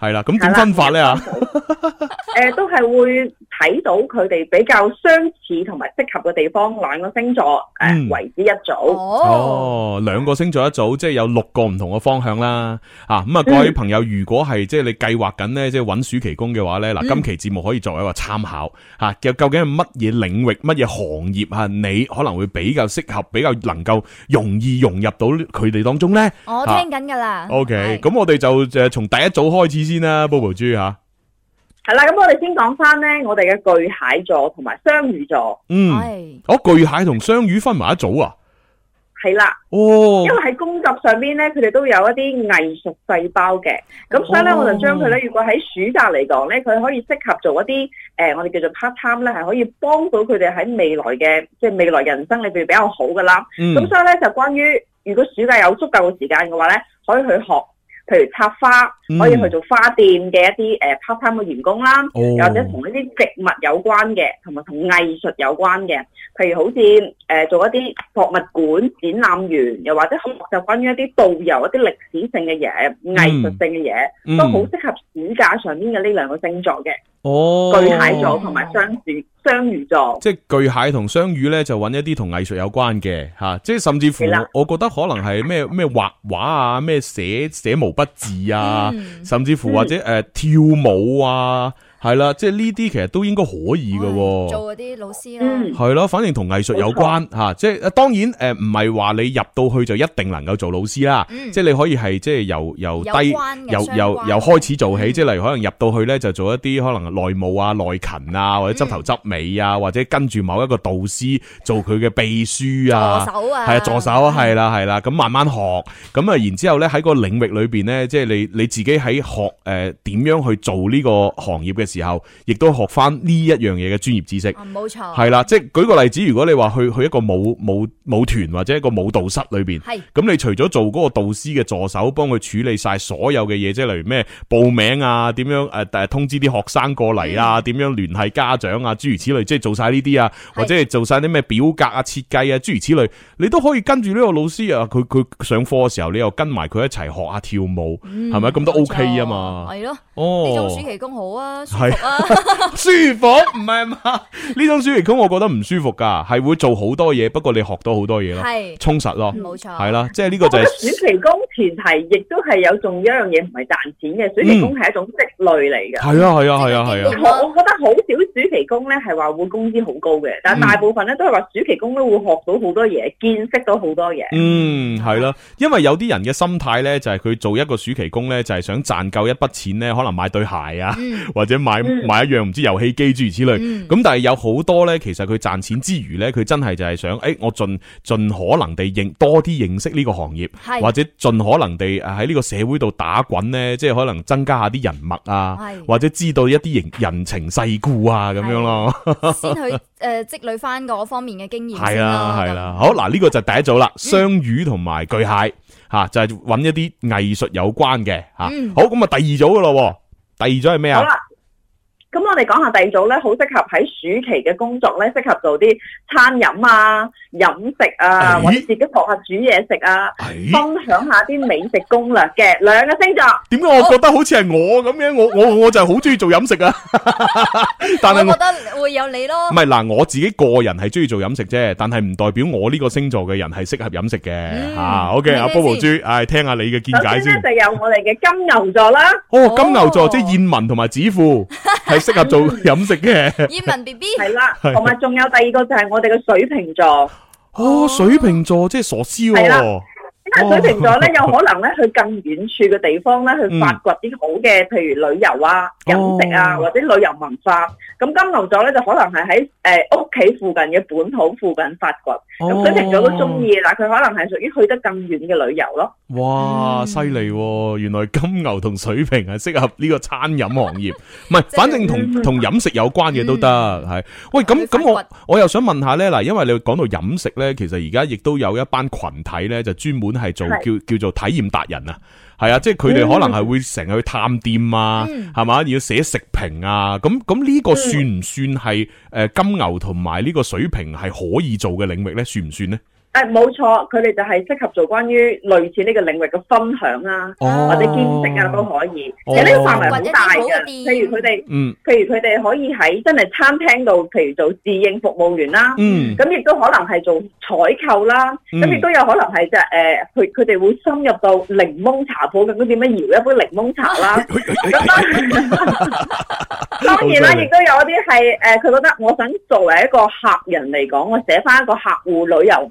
係啦，咁點分法咧啊？誒，都係會睇到佢哋比較相似同埋適合嘅地方，兩個星座誒為之一組。哦，兩個星座一組，即係有六個唔同嘅方向啦。吓，咁啊，各位朋友，如果係即係你計劃緊咧，即係揾暑期工嘅話咧，嗱，今期節目可以作為一個參考吓。嘅究竟係乜嘢領域、乜嘢行業啊？你可能會比較適合、比較能夠容易融入到佢哋當中咧。我聽緊噶啦。OK，咁我哋就誒從第一組開始。先啦 Bobo 豬吓，係啦，咁我哋先講翻咧，我哋嘅巨蟹座同埋雙魚座，嗯，哦，巨蟹同雙魚分埋一組啊，係啦了，哦，因為喺工作上邊咧，佢哋都有一啲藝術細胞嘅，咁、哦、所以咧，我就將佢咧，如果喺暑假嚟講咧，佢可以適合做一啲誒、呃，我哋叫做 part time 咧，係可以幫到佢哋喺未來嘅即係未來人生裏邊比較好噶啦，咁、嗯、所以咧就關於如果暑假有足夠嘅時間嘅話咧，可以去學。譬如插花，可以去做花店嘅一啲誒 part time 嘅員工啦，或者同一啲植物有關嘅，同埋同藝術有關嘅，譬如好似誒做一啲博物館展覽員，又或者好就關於一啲導遊，一啲歷史性嘅嘢、藝術性嘅嘢，都好適合暑假上邊嘅呢兩個星座嘅哦巨蟹座同埋雙子。雙魚座，即係巨蟹同雙魚呢，就揾一啲同藝術有關嘅吓、啊，即係甚至乎，我覺得可能係咩咩畫畫啊，咩寫寫毛筆字啊，嗯、甚至乎或者誒、嗯呃、跳舞啊。係啦，即係呢啲其實都應該可以嘅、哦。做嗰啲老師咯，係咯、嗯，反正同藝術有關吓像、啊。即係當然誒，唔係話你入到去就一定能夠做老師啦。嗯、即係你可以係即係由由低由由由開始做起，即係例如可能入到去咧就做一啲可能內務啊、內勤啊，或者執頭執尾啊，或者跟住某一個導師做佢嘅秘書啊，助手啊，係啊，助手係啦係啦，咁、嗯、慢慢學。咁、嗯、啊，然之後咧喺個領域裏邊咧，即係你你自己喺學誒點樣去做呢個行業嘅。呃呃呃.時候亦都學翻呢一樣嘢嘅專業知識。冇錯，係啦，即係舉個例子，如果你話去去一個舞舞舞團或者一個舞蹈室裏邊，咁你除咗做嗰個導師嘅助手，幫佢處理晒所有嘅嘢，即係例如咩報名啊，點樣誒誒通知啲學生過嚟啊，點樣聯繫家長啊，諸如此類，即係做晒呢啲啊，或者係做晒啲咩表格啊設計啊，諸如此類，你都可以跟住呢個老師啊，佢佢上課嘅時候，你又跟埋佢一齊學下跳舞，係咪咁都 OK 啊嘛？係咯，哦，呢種暑期工好啊。係 舒服唔係嘛？呢 種暑期工我覺得唔舒服噶係會做好多嘢，不過你學到好多嘢咯，是充實咯，冇錯，係啦，即係呢個就係、是、暑期工前提有有，亦都係有仲一樣嘢唔係賺錢嘅，暑期工係一種積累嚟嘅，係、嗯、啊係啊係啊係啊，啊，啊，啊我，我覺得好少暑期工咧係話會工資好高嘅，但係大部分咧都係話暑期工都會學到好多嘢，見識到好多嘢。嗯，係啦、啊，因為有啲人嘅心態咧就係佢做一個暑期工咧就係想賺夠一筆錢咧，可能買對鞋啊或者買買一樣唔知遊戲機，諸如此類。咁、嗯、但係有好多咧，其實佢賺錢之餘咧，佢真係就係想，誒、欸，我盡盡可能地認多啲認識呢個行業，是或者盡可能地喺呢個社會度打滾咧，即係可能增加下啲人脈啊，是或者知道一啲人人情世故啊，咁樣咯。先去誒積、呃、累翻嗰方面嘅經驗。係啦係啦，啊、好嗱，呢、這個就第一組啦，雙、嗯、魚同埋巨蟹吓、啊，就係、是、揾一啲藝術有關嘅吓、啊啊。好，咁啊第二組噶咯，第二組係咩啊？嗯咁我哋講下第二組咧，好適合喺暑期嘅工作咧，適合做啲餐飲啊、飲食啊，欸、或者自己學下煮嘢食啊，欸、分享下啲美食攻略嘅兩個星座。點解我覺得好似係我咁樣？我我我就係好中意做飲食啊！ 但係我，我覺得會有你咯。唔係嗱，我自己個人係中意做飲食啫，但係唔代表我呢個星座嘅人係適合飲食嘅。嗯、啊，好、okay，嘅、嗯，阿 Bobo 豬，唉看、啊哎，聽下你嘅見解先。就有我哋嘅金牛座啦。 哦，金牛座即係燕文同埋指富 適合做飲食嘅，燕、 嗯、 文 B B 係啦，同埋仲有第二個就係我哋嘅水瓶座，哦，水瓶座即係傻燒啊。水瓶座咧有可能咧去更遠處嘅地方咧去發掘啲好嘅，譬如旅遊啊、飲食啊或者旅遊文化。咁金牛座咧就可能係喺誒屋企附近嘅本土附近發掘。咁水瓶座都中意，但係佢可能係屬於去得更遠嘅旅遊咯。哇！犀利喎，原來金牛同水瓶係適合呢個餐飲行業，唔係，反正同同飲食有關嘅都得係。喂，咁咁我我又想問下咧，嗱，因為你講到飲食咧，其實而家亦都有一班羣體咧，就專門。係做叫叫做體驗達人啊，係啊，即係佢哋可能係會成日去探店啊，係嘛，嗯，要寫食評啊，咁咁呢個算唔算係誒、呃、金牛同埋呢個水瓶係可以做嘅領域呢？算唔算呢？誒，冇錯，佢哋就係適合做關於類似呢個領域嘅分享啊，Oh. 或者兼職啊都可以。其實呢個範圍好大嘅，譬如佢哋，譬如佢哋可以喺真係餐廳度，譬如做侍應服務員啦。咁亦都可能係做採購啦，咁亦都有可能係即係誒，佢佢哋會深入到檸檬茶鋪咁樣點樣搖一杯檸檬茶啦。當然啦，亦醜都有一啲係誒，佢、呃、覺得我想作為一個客人嚟講，我寫翻一個客戶旅遊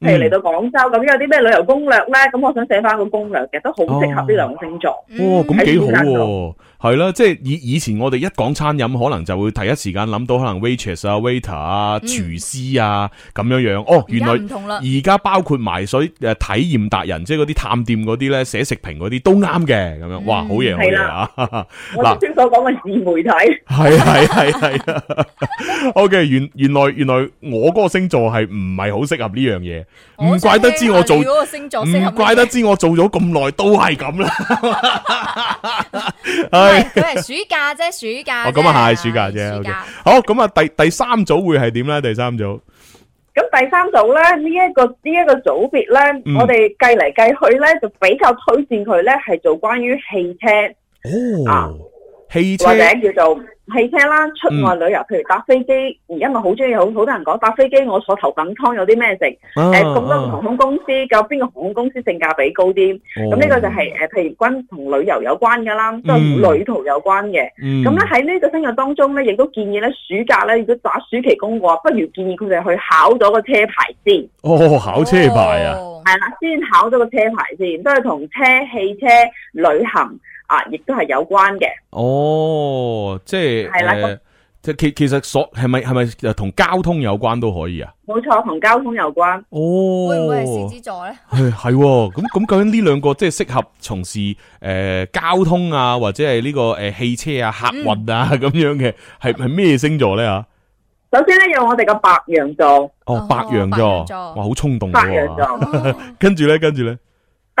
譬如嚟到廣州咁，有啲咩旅遊攻略咧？咁我想寫翻個攻略嘅，都好適合呢兩個星座。哦，咁幾好喎，啊，係啦，即係以以前我哋一講餐飲，可能就會第一時間諗到可能 waitress 啊、waiter 啊、廚、嗯、師啊咁樣樣。哦，原來而家包括埋所謂體驗達人，即係嗰啲探店嗰啲咧，寫食評嗰啲都啱嘅。咁樣、嗯、哇，的好嘢，啊，係啦。嗱，我頭先所講嘅自媒體，係係係係啊。OK，原原來原來，原來我嗰個星座係唔係好適合呢樣嘢。唔怪得知我做唔怪得知我做咗咁耐都係咁啦。係暑假啫，暑假哦，咁啊，係暑假啫。好，咁啊，第第三組會係點咧？第三組咁第三組咧，呢一個呢一個組別咧，我哋計嚟計去咧，就比較推薦佢咧，係做關於汽車哦，汽車或者叫做。汽車啦，出外旅遊，譬如搭飛機，而家我好鍾意好，好多人講搭飛機，我坐頭等艙有啲咩食？誒、啊，咁、欸、多航空公司，究竟邊個航空公司性價比高啲？咁呢、哦、個就係、是、誒，譬如關同旅遊有關㗎啦，即係、嗯、旅途有關嘅。咁咧喺呢個生日當中咧，亦都建議咧，暑假咧，如果打暑期工嘅話，不如建議佢哋去考咗個車牌先。哦，考車牌啊！係啦，先考咗個車牌先，都係同車、汽車、旅行。啊，亦都係有關嘅。哦，即係，係啦的，即、呃、其實其實所係咪係咪同交通有關都可以啊？冇錯，同交通有關。哦，會唔會係獅子座咧？係，係喎。咁咁究竟呢兩個即係適合從事誒、呃、交通啊，或者係呢個誒汽車啊、客運啊咁、嗯、樣嘅，係係咩星座咧？吓，首先咧，有我哋個白羊座。哦，白羊座，哇，好衝動。白羊座，羊座 跟住咧，跟住咧。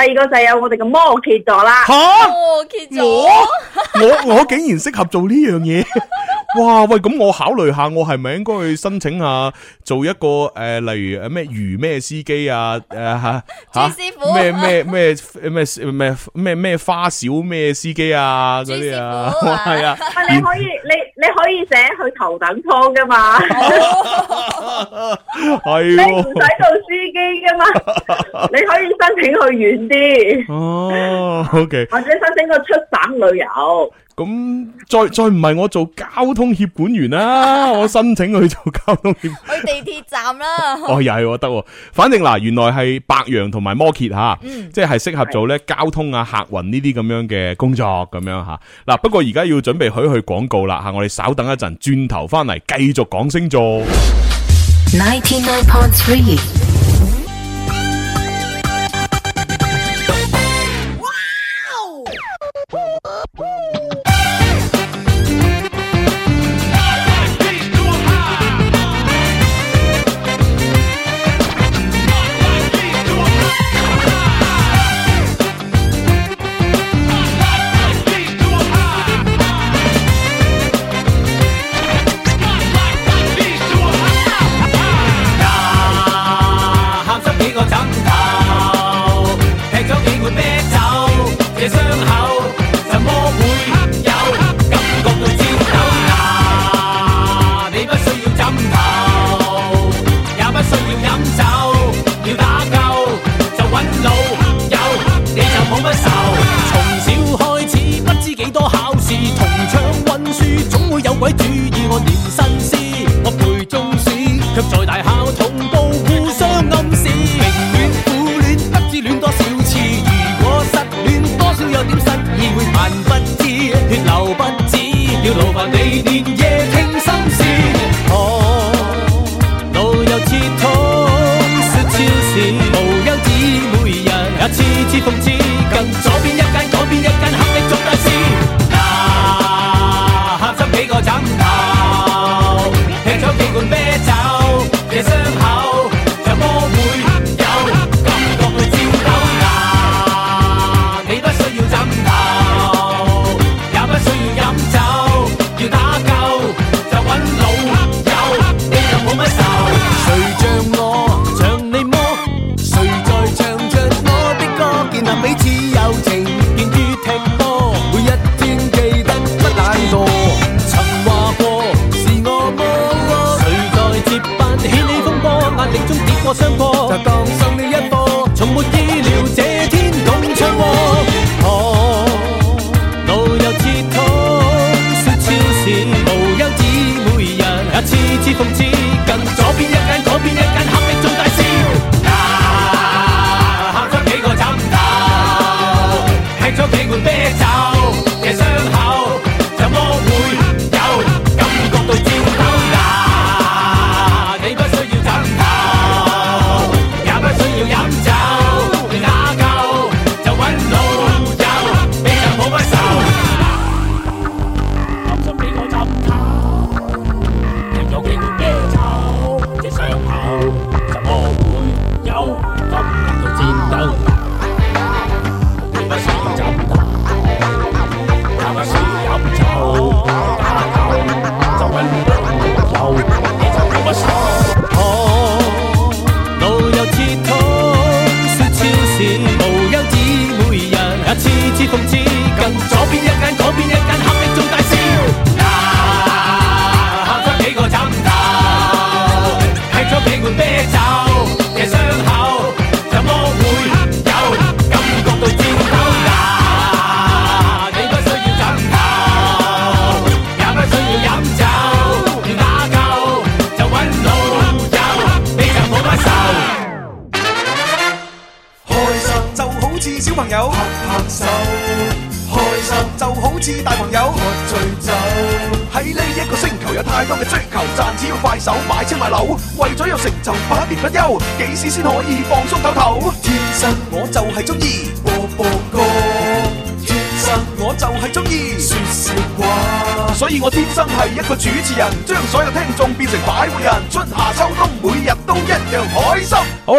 第二個就有我哋嘅摩羯座啦哈、哦，我我我竟然適合做呢樣嘢，哇喂！咁我考慮下，我係咪應該去申請下做一個誒、呃，例如誒咩魚咩司機啊，誒吓師傅？咩咩咩咩咩咩咩花少咩司機啊嗰啲啊，係啊，係你可以你。你可以寫去頭等艙噶嘛，係，你唔使做司機噶嘛， 你可以申請去遠啲，哦，OK，或者申請個出省旅遊。咁再再唔係我做交通協管員啦，啊、我申請去做交通協。去地鐵站啦。 哦，又係我得，反正嗱，原來係白羊同埋摩羯吓，啊嗯、即係適合做咧交通啊、客運呢啲咁樣嘅工作咁樣吓。嗱，不過而家要準備去去廣告啦，吓、啊、我哋稍等一陣，轉頭翻嚟繼續講星座。99.3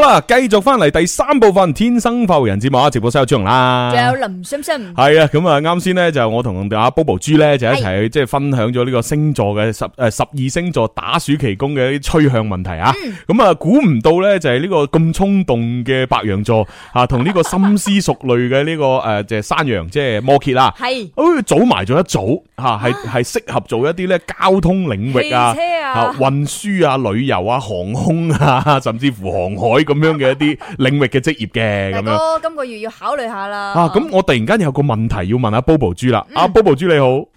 好喇，繼續翻嚟第三部分《天生浮人之馬》，直播室有張龍啦，仲有林深深，係啊，咁啊，啱先呢，就我同阿 Bobo 豬咧就一齊即係分享咗呢個星座嘅十誒十二星座打暑期工嘅一啲趨向問題啊，咁啊、嗯，估唔到咧就係呢個咁衝動嘅白羊座啊，同呢個深思熟慮嘅呢個誒即係山羊 即係摩羯啦，係是，早埋咗一組吓，係係適合做一啲咧交通領域啊，運輸啊、旅遊啊、航空啊，甚至乎航海。咁樣嘅一啲領域嘅職業嘅咁樣，咯今個月要考慮下啦。啊，咁我突然間有個問題要問下 Bobo 豬啦，阿 Bobo 豬你好，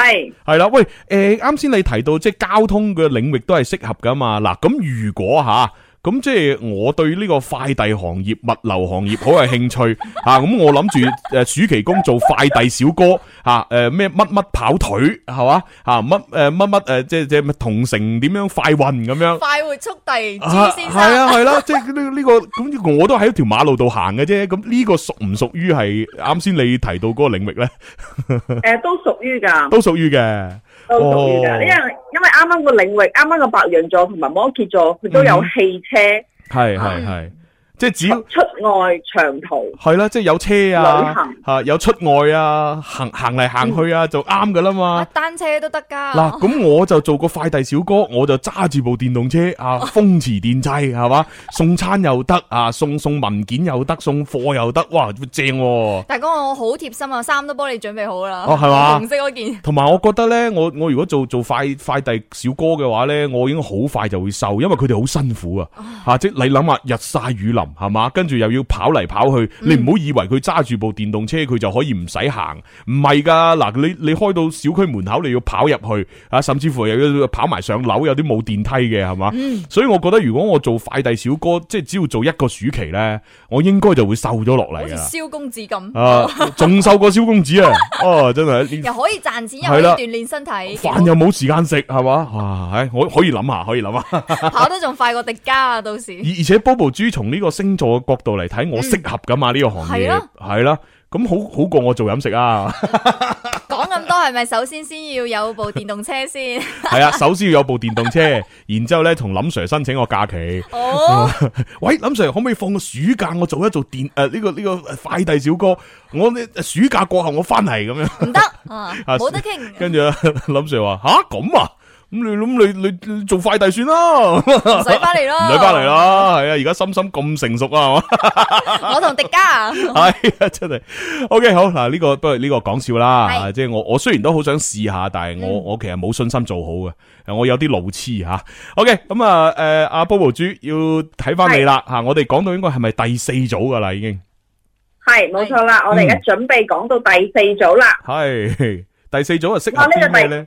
係係啦，喂，誒，啱先你提到即係交通嘅領域都係適合㗎嘛，嗱，咁如果吓。咁即係我對呢個快遞行業、物流行業好有興趣吓，咁、 啊、我諗住誒暑期工做快遞小哥吓，誒咩乜乜跑腿係嘛吓乜誒乜乜誒即係即係同城點樣快運咁樣？快活速遞係啊係啦，即係呢呢個咁我都喺一條馬路度行嘅啫，咁呢個屬唔屬於係啱先你提到嗰個領域咧？誒 都屬於噶，都屬於嘅。都重要噶，oh. 因為因為啱啱個領域，啱啱個白羊座同埋摩羯座，佢、mm hmm. 都有汽車，係係係。 即係只要出外長途係啦，即係有車啊，吓有出外啊，行行嚟行去啊，就啱噶啦嘛。單車都得噶。嗱，咁我就做個快遞小哥，我就揸住部電動車啊，風馳電掣係嘛，送餐又得啊，送送文件又得，送貨又得，哇，正喎、啊！大哥，我好貼心啊，衫都幫你準備好啦。哦、啊，係嘛？紅色嗰件。同埋我覺得咧，我我如果做做快快遞小哥嘅話咧，我已經好快就會瘦，因為佢哋好辛苦啊，吓、啊、即係你諗下，日晒雨淋。雨淋係嘛，跟住又要跑嚟跑去，嗯、你唔好以為佢揸住部電動車佢就可以唔使行，唔係噶，嗱你你開到小區門口你要跑入去啊，甚至乎又要跑埋上樓，有啲冇電梯嘅係嘛，嗯、所以我覺得如果我做快遞小哥，即係只要做一個暑期呢，我應該就會瘦咗落嚟啦。好似蕭公子咁仲、啊、 瘦過蕭公子啊，哦，真係 又可以賺錢，的又可以鍛煉身體，飯的 又冇時間食係嘛，哇，我可以諗下，可以諗下， 跑得仲快過迪加啊，到時而而且 Bobo 豬從呢個星座嘅角度嚟睇，我適合噶嘛呢，嗯、個行業係啦，咁的好好過我做飲食啊！講 咁多係咪？是是首先先要有部電動車先係啊！ 首先要有部電動車， 然之後咧，同林 sir 申請個假期。哦， 喂，林 sir 可唔可以放個暑假？我做一做電誒呢、呃呢個呢、呢個呢個快遞小哥。我暑假過後我翻嚟咁樣唔行、 啊、得冇得傾。跟住咧，林 sir 話吓咁啊！咁你諗你你,你做快遞算啦，唔使翻嚟咯，唔使翻嚟啦，係啊！而家心心咁成熟啊， 我同迪迦係啊，真係。 O、okay, K 好，嗱、這、呢個不過呢個、這個這個這個、講笑啦，是的 即係我我雖然都好想試下，但係我、嗯、我其實冇信心做好嘅，我有啲路痴吓。O K，咁啊誒，阿 Bobo 主要睇翻你啦吓是的、啊，我哋講到應該係咪第四組噶啦已經，係冇錯啦，我哋而家準備講到第四組啦，係、嗯、第四組啊適合咩咧？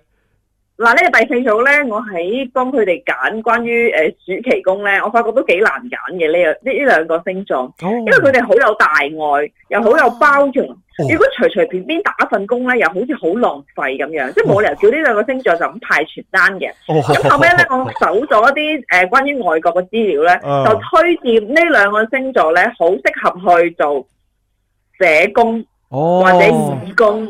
嗱呢個第四組咧，我喺幫佢哋揀關於誒暑期工咧，我發覺都幾難揀嘅呢兩呢兩個星座，因為佢哋好有大愛，又好有包容。如果隨隨便便便打份工咧，又好似好浪費咁樣，即係冇理由叫呢兩個星座就咁派傳單嘅。咁 後尾咧，我搜咗一啲誒、呃、關於外國嘅資料咧，就推薦呢兩個星座咧，好適合去做社工。O, 或者義工，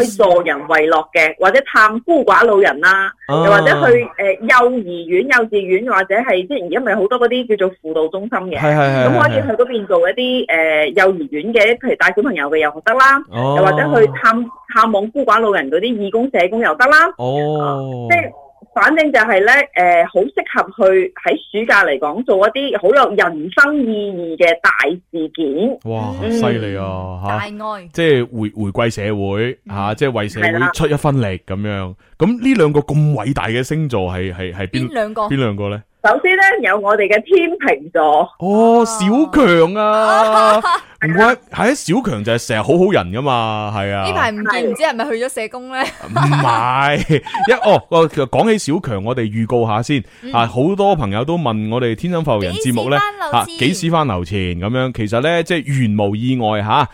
去助人為樂嘅，或者探孤寡老人啦、啊，o, 又或者去誒、呃、幼兒園、幼稚園，或者係即係而家咪好多嗰啲叫做輔導中心嘅，咁對可以去嗰邊做一啲誒、呃、幼兒園嘅，譬如帶小朋友嘅又得啦，o, 又或者去探探望孤寡老人嗰啲義工社工又得啦，即係 O,、啊。即係反正就係、是、咧，誒、呃，好適合去喺暑假嚟講做一啲好有人生意義嘅大事件。嗯、哇，好犀利啊！嚇、啊，大愛，即係回回歸社會嚇、嗯啊，即係為社會出一分力咁樣。咁呢兩個咁偉大嘅星座係係係邊兩個？邊兩個咧？首先咧，有我哋嘅天秤座哦，小強啊，唔係、啊、小強就係成日好好人噶嘛，係啊。呢排唔見唔知係咪去咗社工咧？唔係、啊， 一哦哦，其實講起小強，我哋預告下先、嗯、啊，好多朋友都問我哋《天生浮人節目》節目咧，吓幾、啊、時翻樓前咁樣？其實咧即係原無意外吓，誒、啊，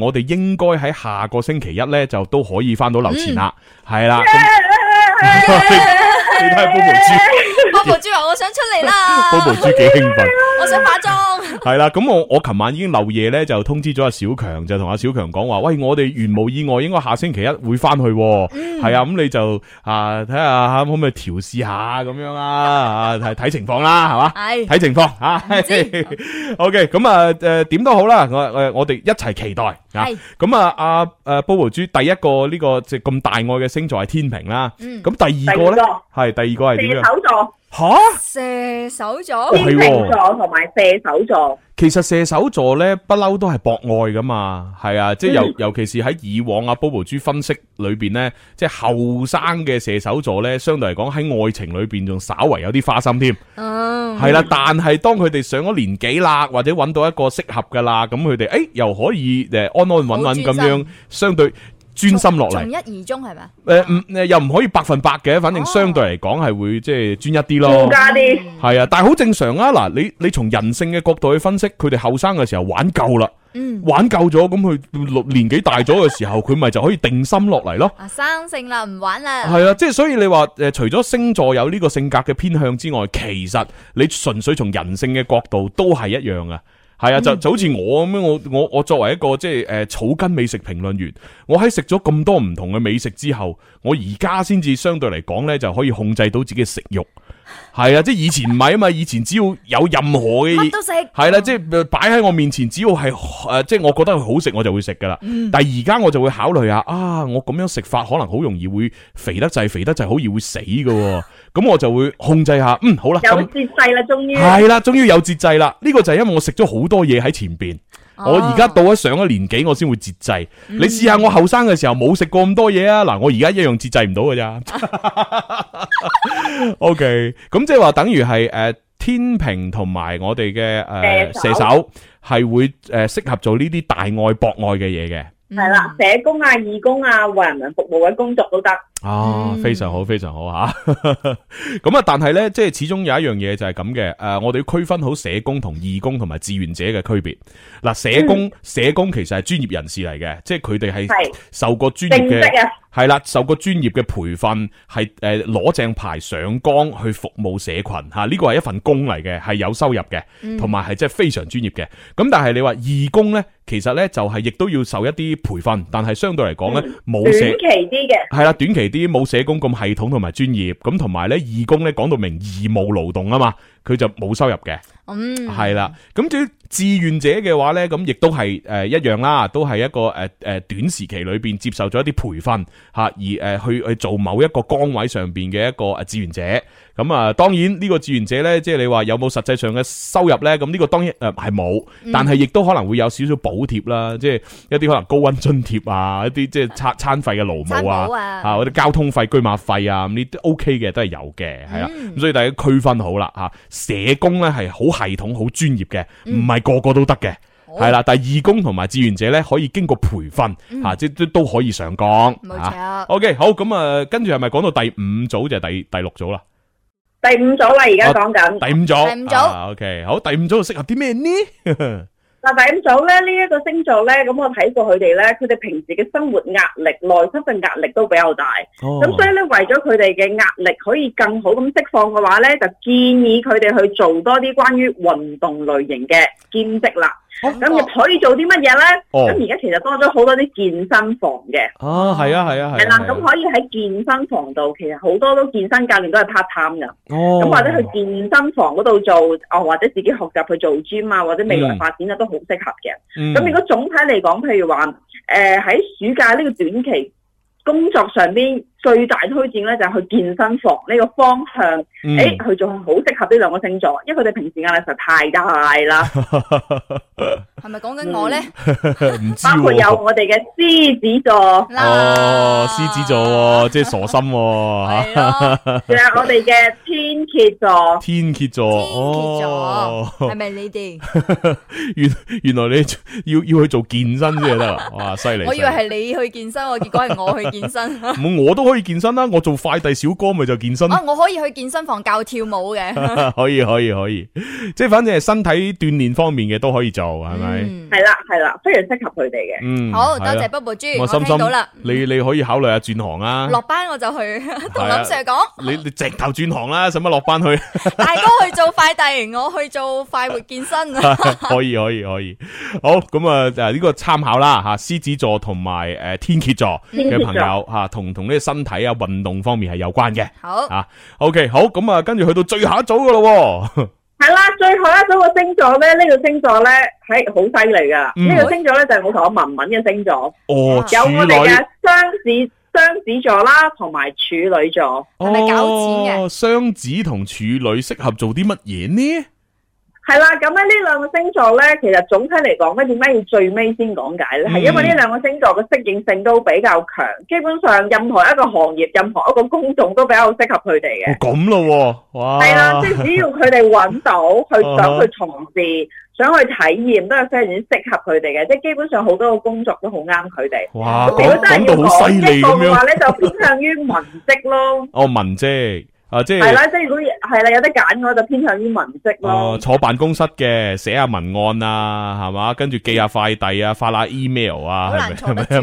我哋應該喺下個星期一咧就都可以翻到樓前啦，係啦、嗯。 你睇下 Bobo 豬、啊，Bobo 豬話我想出嚟啦， Bobo 豬幾興奮， 我想化妝。係啦，咁 我我琴晚已經漏夜咧，就通知咗阿小強，就同阿小強講話，喂，我哋完無意外，應該下星期一會翻去，係 啊，咁你就啊，睇下可唔可以調試下咁樣啦，係睇的情況啦，係嘛的，睇情況啊。O K，咁啊，誒，點都好啦，我誒，我哋一齊期待啊。咁啊，阿誒，BoBo 豬第一個呢、這個即係咁大愛嘅星座係天秤啦，咁、嗯、第二個咧係 第二個係咩星吓，射手座、天秤座同埋射手座，其實射手座咧不嬲都係博愛噶嘛，係啊，即係尤尤其是喺以往阿 Bobo 豬分析裏邊咧，即係後生嘅射手座咧，相對嚟講喺愛情裏邊仲稍為有啲花心添，嗯，係啦。但係當佢哋上咗年紀啦，或者揾到一個適合噶啦，咁佢哋誒又可以誒安安穩穩咁樣相對。專心落嚟，從一而終係咪？誒，唔誒，又唔可以百分百嘅，反正相對嚟講係會即係專一啲咯，增加啲，係啊，但係好正常啊。嗱，你你從人性嘅角度去分析，佢哋後生嘅時候玩夠啦，嗯，玩夠咗，咁佢年年紀大咗嘅時候，佢咪就可以定心落嚟咯。啊，生性啦，唔玩啦。係啊，即係所以你話誒，除咗星座有呢個性格嘅偏向之外，其實你純粹從人性嘅角度都係一樣啊。係啊，就就好似我咁樣，我我我作為一個即係誒草根美食評論員，我喺食咗咁多唔同嘅美食之後，我而家先至相對嚟講咧，就可以控制到自己嘅食欲。係啊，即係以前唔係啊嘛， 以前只要有任何嘅嘢都食，係啦，即係擺喺我面前，只要係誒，即係我覺得佢好食，我就會食噶啦。嗯、但係而家我就會考慮下，啊，我咁樣食法可能好容易會肥得滯，肥得滯，好易會死噶喎、啊。咁我就會控制下，嗯，好啦，有節制啦，終於係啦，終於有節制啦。呢、這個就係因為我食咗好多嘢，喺前邊，哦、我而家到咗上一年紀，我先會節制。哦、你試下我後生嘅時候冇食過咁多嘢啊！嗱，我而家一樣節制唔到㗎咋？OK，咁即係話等於係誒、呃、天秤同埋我哋嘅誒射手係會誒、呃、適合做呢啲大愛博愛嘅嘢嘅，係啦、嗯，社工啊、義工啊、為人民、呃、服務嘅工作，工作都得。啊，非常好，非常好吓。咁啊，但係咧，即係始終有一樣嘢，就係咁嘅。誒、呃，我哋要區分好社工同義工同埋志願者嘅區別。嗱、啊，社工、嗯、社工其實係專業人士嚟嘅，即係佢哋係受過專業嘅係啦，受過專業嘅培訓，係誒攞正牌上崗去服務社群吓。呢、啊這個係一份工嚟嘅，係有收入嘅，同埋係即係非常專業嘅。咁但係你話義工咧，其實咧就係、是、亦都要受一啲培訓，但係相對嚟講咧冇社工、短期啲嘅係啦，短期。啲冇社工咁系統同埋專業，咁同埋咧義工咧講到明義務勞動啊嘛。佢就冇收入嘅，係啦、嗯。咁至於志願者嘅話呢，咁亦都係誒一樣啦，都係一個誒誒短時期裏邊接受咗一啲培訓嚇、啊，而誒去去做某一個崗位上邊嘅一個誒志願者。咁啊，當然呢個志願者呢，即係你話有冇實際上嘅收入呢？咁呢個當然誒係冇，但係亦都可能會有少少補貼啦，嗯、即係一啲可能高溫津貼啊，一啲即係餐餐費嘅勞務啊，嚇或者交通費、居馬費啊，呢啲 O K 嘅都係有嘅，係啦。咁、嗯、所以大家區分好啦嚇。社工咧係好系統、好專業嘅，唔係個個都得嘅，係啦、嗯。義工同埋志願者咧，可以經過培訓，吓、嗯啊，即係都都可以上崗。冇錯錯。O K，好咁啊，跟住係咪講到第五組就係第第六組啦？第五組啦、啊，而家講緊第五組，第五組。Uh, o、okay. K，好，第五組適合啲咩呢？ 嗱，第五組咧，呢一個星座咧，咁我睇過佢哋咧，佢哋平時嘅生活壓力、內心嘅壓力都比較大，咁、oh. 所以咧，為咗佢哋嘅壓力可以更好咁釋放嘅話咧，就建議佢哋去做多啲關於運動類型嘅兼職啦。咁又、哦、可以做啲乜嘢咧？咁而家其實多咗好多啲健身房嘅。啊，係啊，係啊，係啦、啊。咁、啊啊、可以喺健身房度，其實好多都健身教練都係 part time 㗎。哦。咁或者去健身房嗰度做，哦或者自己學習去做 gym 啊，或者未來發展啊都好適合嘅。咁、嗯、如果總體嚟講，譬如話，誒、呃、喺暑假呢個短期工作上邊。最大推薦咧就係去健身房呢個方向，佢仲係好適合呢兩個星座，因為佢哋平時壓力實太大啦。係咪講緊我咧？ uses 包括有我哋嘅獅子座啦，獅子座即係傻心嚇。仲有我哋嘅 天蠍煉座，天蠍座，天蠍座係咪呢啲？原原來你要要去做健身先得啊！哇，犀利！我以為係你去健身喎，結果係我去健身。咁 我都去。可以健身啦！我做快遞小哥咪就健身啊、哦！我可以去健身房教跳舞嘅， 可以可以可以，即係反正係身體鍛煉方面嘅都可以做，係咪？係啦係啦，非常適合佢哋嘅。嗯，好多謝 Bobo 豬，我聽到啦、嗯。你你可以考慮下轉行啊！落班我就去同林 Sir 講， 你你直頭轉行啦、啊，使乜落班去？ 大哥去做快遞， 我去做快活健身， 可以可以可以。好咁啊，誒、這、呢個參考啦吓，獅子座同埋誒天蠍座嘅朋友吓，同同呢個身體啊，運動方面係有關嘅。好啊，OK，好咁啊，跟住去到最後一組噶咯。係 啦，最後一組個星座呢、這個星座咧，呢、嗯、個星座咧係好犀利噶。呢個星座咧就係、是、我同我文文嘅星座。哦，有我哋嘅雙子雙子座啦，同埋處女座係咪搞錢嘅？雙、哦哦、子同處女適合做啲乜嘢呢？係啦，咁咧呢兩個星座咧，其實總體嚟講咧，點解要最尾先講解咧？係、嗯、因為呢兩個星座嘅適應性都比較強，基本上任何一個行業、任何一個工種都比較適合佢哋嘅。咁咯、哦哦，哇！係啦，即係只要佢哋搵到，去想去從事、 想去體驗，都係非常之適合佢哋嘅。即係基本上，好多個工作都好啱佢哋。哇，咁諗到好犀利咩？如果真要講職業嘅話咧， 就偏向於文職咯。哦，文職。啊，即係係啦，即係如果係啦，有得揀嘅話，就偏向於文職咯。坐辦公室嘅寫下文案啊，係嘛？跟住寄下快遞啊，發下 email 啊，係咪？係咪？係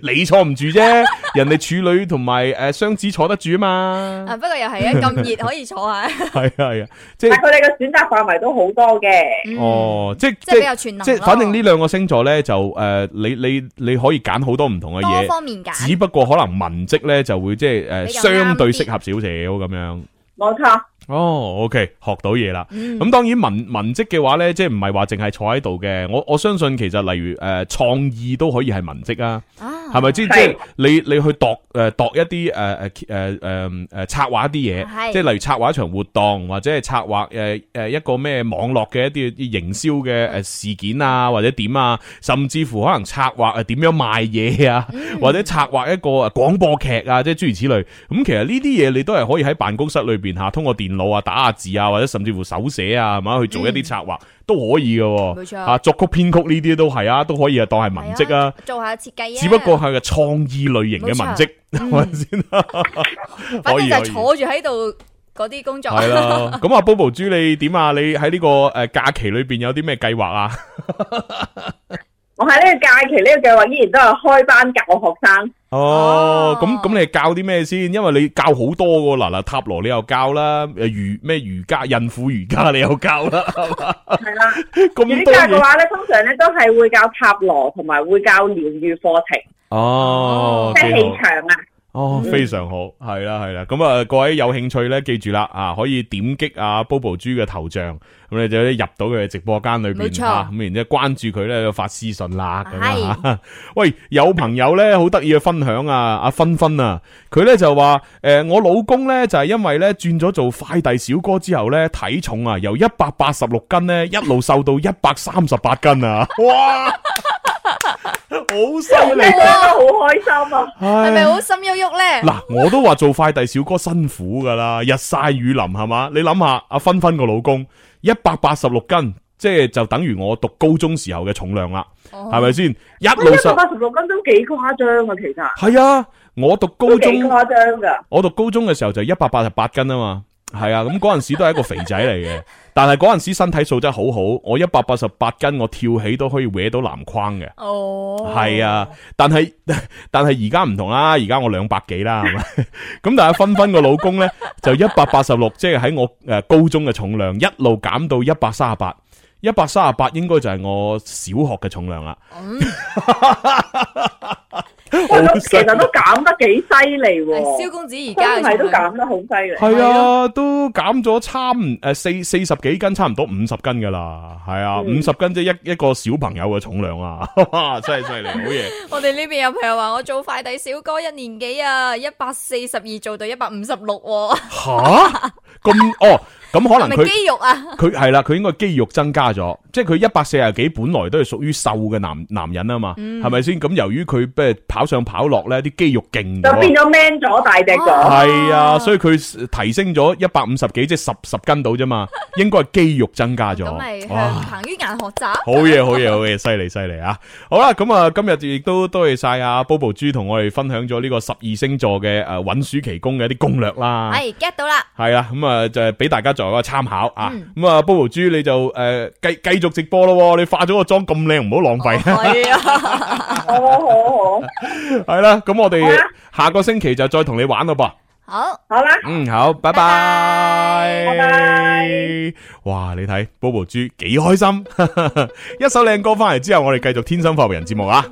咪？你坐唔住啫， 人哋處女同埋誒雙子坐得住啊嘛。啊，不過又係啊，咁熱可以坐啊。係啊係啊，即係。但係佢哋嘅選擇範圍都好多嘅。哦，即係即係比較全能，即係，反正呢兩個星座咧就誒、呃，你你你，你可以揀好多唔同嘅嘢，多方面揀。只不過可能文職咧就會即係誒比較 相對性。合少少咁樣，冇錯。哦、oh，OK，學到嘢啦。咁、mm. 當然文文職嘅話咧，即係唔係話淨係坐喺度嘅。我我相信其實例如誒創、呃、意都可以係文職啊，係咪先？即係是你你去度誒度一啲誒誒誒誒誒策劃一啲嘢，是即係例如策劃一場活動，或者係策劃誒誒一個咩網絡嘅一啲營銷嘅誒事件啊，或者點啊，甚至乎可能策劃誒點樣賣嘢啊，mm. 或者策劃一個誒廣播劇啊，即係諸如此類。咁其實呢啲嘢你都係可以喺辦公室裏邊吓，通過電路啊，打下字啊，或者甚至乎手寫啊，係嘛去做一啲策劃、嗯、都可以嘅，冇錯啊，作曲編曲呢啲都係啊，都可以啊，當係文職啊，做下設計，只不過係個創意類型嘅文職，係咪、嗯、 可以、反正就坐住喺度嗰啲工作係啦。咁啊，Bobo 豬， 你點啊？你喺呢個誒假期裏邊有啲咩計劃啊？ 我喺呢個假期呢個計劃依然都係開班教學生。哦，咁咁你教啲咩先？因為你教好多噶，嗱嗱，塔羅你又教啦，誒，瑜咩瑜伽、孕婦瑜伽你又教啦，係啦。瑜伽嘅話咧，通常咧都係會教塔羅，同埋會教療愈課程。哦，即係氣場啊！哦，非常好，係啦係啦，咁啊各位有興趣咧，記住啦啊，可以點擊啊 Bobo 豬嘅頭像，咁你就咧入到佢嘅直播間裏邊，咁錯、啊、然之後關注佢咧，就發私信啦。咁樣，係，啊、 喂，有朋友咧好得意嘅分享啊，阿芬芬啊，佢咧就話誒，我老公咧就係因為咧轉咗做快遞小哥之後咧，體重啊由一百八十六斤咧一路瘦到一百三十八斤啊，哇！ 好犀利，好開心啊！係咪好心郁郁咧？嗱，我都話做快遞小哥辛苦噶啦，日曬雨淋係嘛？你諗下，阿芬芬個老公一百八十六斤，即係就等於我讀高中時候嘅重量啦，係咪先？一百八十六斤都幾誇張啊，其實係啊，我讀高中幾誇張噶，我讀高中嘅時候就一百八十八斤啊嘛，係啊，咁嗰陣時都係一個肥仔嚟嘅。 但係嗰陣時身體素質好好，我一百八十八斤，我跳起都可以搲到籃框嘅。哦，係啊，但係但係而家唔同啦，而家我兩百幾啦，係咪？咁但係芬芬個老公呢，就一百八十六，即係喺我誒高中嘅重量，一路減到一百三十八，一百三十八應該就係我小學嘅重量啦。Mm? 其實都減得幾犀利喎，蕭公子而家係都減得好犀利，係啊，啊都減咗差唔多四四十幾斤，差唔多五十斤噶啦，係啊，五十斤即係一一,一個小朋友嘅重量啊，哈哈真係犀利，好嘢 ！我哋呢邊有朋友話我做快遞小哥一年幾啊，一百四十二做到一百五十六喎，吓咁、啊、 哦。咁可能佢，肌肉啊，佢係啦，佢應該肌肉增加咗，即係佢一百四十幾本來都係屬於瘦嘅男男人啊嘛，係咪先？咁由於佢咩跑上跑落咧，啲肌肉勁，就變咗 man 咗大隻咗，係啊，所以佢提升咗一百五十幾，即係十十斤到啫嘛，應該係肌肉增加咗，咁咪向彭於晏學習，好嘢，好嘢，好嘢，犀利，犀利啊！好啦，咁啊，今日亦都多謝晒阿 Bobo 豬同我哋分享咗呢個十二星座嘅誒搵暑期工嘅一啲攻略啦，係 get 到啦，係啊，咁啊就係俾大家個參考、嗯、啊！咁啊，Bobo 豬你就誒、呃、繼繼續直播咯，你化咗個妝咁靚，唔好浪費、哦、啊！係啊，好好好、 嗯，係啦，咁我哋下個星期就再同你玩咯噃。好，好啦，嗯，好，好啦 拜拜，拜拜。哇，你睇 Bobo 豬幾開心， 一首靚歌翻嚟之後，我哋繼續天生發明人節目啊！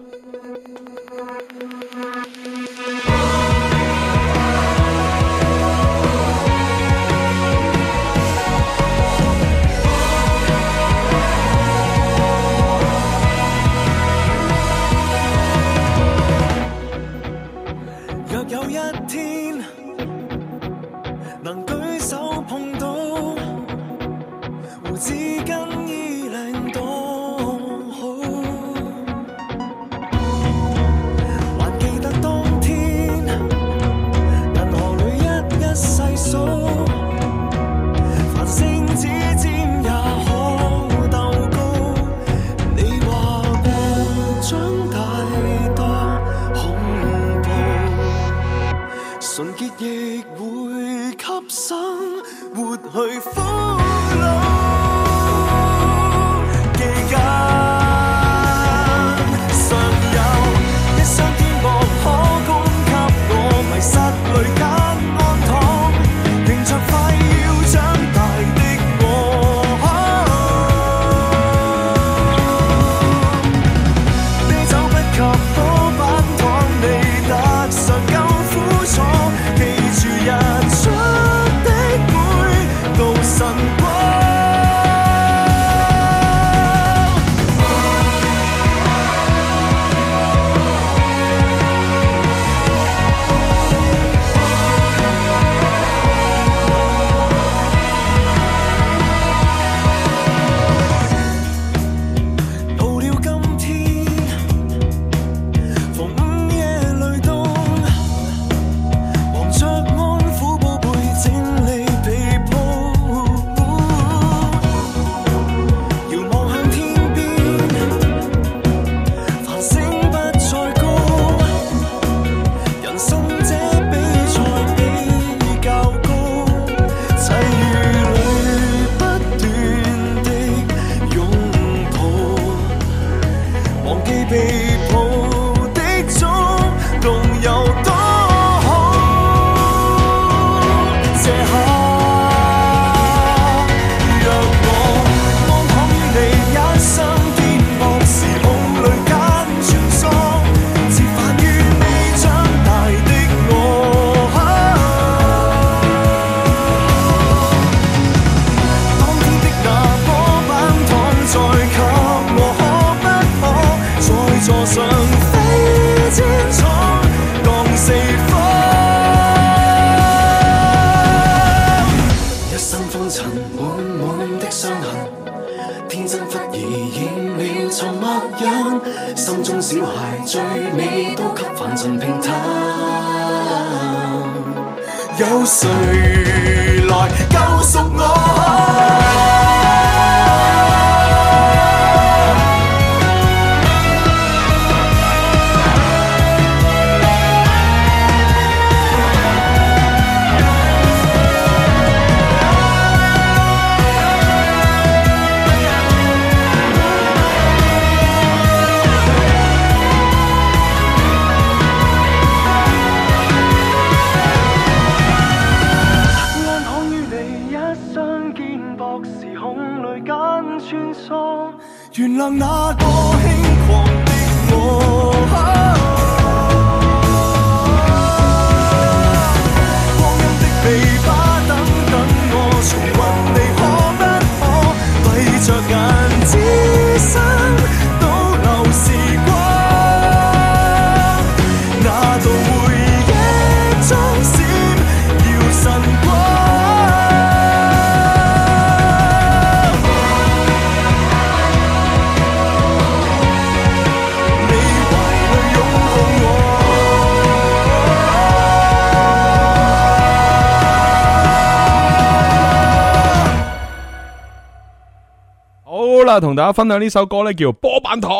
同大家分享呢首歌咧，叫《波板糖。》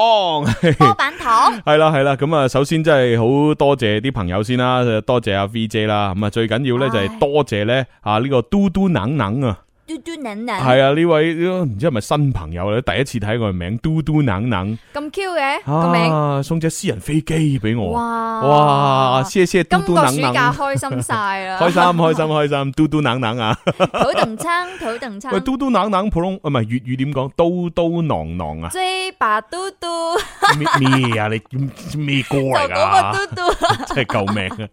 波板糖係啦，係啦。 咁啊，首先真係好多謝啲朋友先啦，多謝阿 V 姐啦。咁唉啊，最緊要咧就係多謝咧啊呢個嘟嘟囔囔啊！嘟嘟囔囔係啊！呢位唔知係咪新朋友咧？第一次睇我個名嘟嘟囔囔咁 Q 嘅個名送隻私人飛機俾我哇哇！謝謝，今個暑假開心曬啦，開心開心開心，嘟嘟囔囔啊！土鄧青，土鄧青，喂，嘟嘟囔囔普通唔係粵語點講？嘟嘟囔囔啊！J 白嘟嘟咩啊？你咩歌嚟噶？嗰個嘟嘟真係救命啊！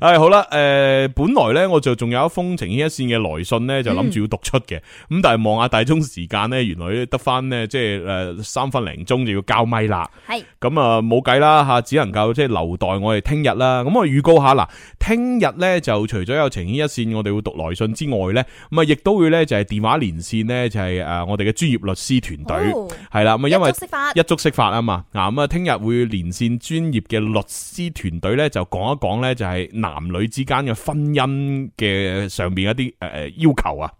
唉，好啦，誒，本來咧我就仲有一封情牽一線嘅來信咧，就諗住要讀出。嘅咁，但係望下大鐘時間咧，原來得翻呢，即係誒三分零鐘就要交咪啦。係咁啊，冇計啦吓，只能夠即係留待我哋聽日啦。咁、嗯、我預告下嗱，聽日咧就除咗有晴天一線，我哋會讀來信之外咧，咁啊，亦都會咧就係電話連線呢，就係誒我哋嘅專業律師團隊係啦。咁啊、哦嗯嗯，因為一足釋法啊嘛，啊咁啊，聽、嗯、日會連線專業嘅律師團隊咧，就講一講咧，就係男女之間嘅婚姻嘅上邊一啲誒、呃、要求啊。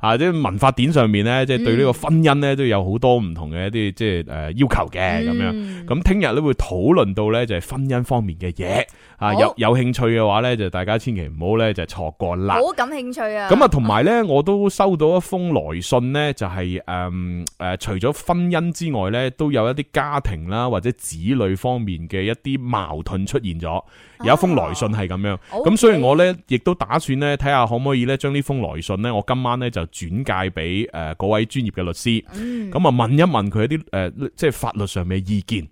啊！即係文化典上面咧，即係對呢個婚姻咧都有好多唔同嘅一啲即係誒要求嘅咁樣。咁聽日都會討論到咧就係婚姻方面嘅嘢。啊、哦、有有興趣嘅話咧，就大家千祈唔好咧就錯過啦。好感興趣啊！咁啊，同埋咧我都收到一封來信咧、就是，就係誒誒，除咗婚姻之外咧，都有一啲家庭啦或者子女方面嘅一啲矛盾出現咗。有一封來信係咁樣，咁、啊、所以我咧亦都打算咧睇下可唔可以咧將呢封來信咧，我今晚咧就轉介俾誒嗰位專業嘅律師，咁啊、嗯、問一問佢一啲誒即係法律上面嘅意見。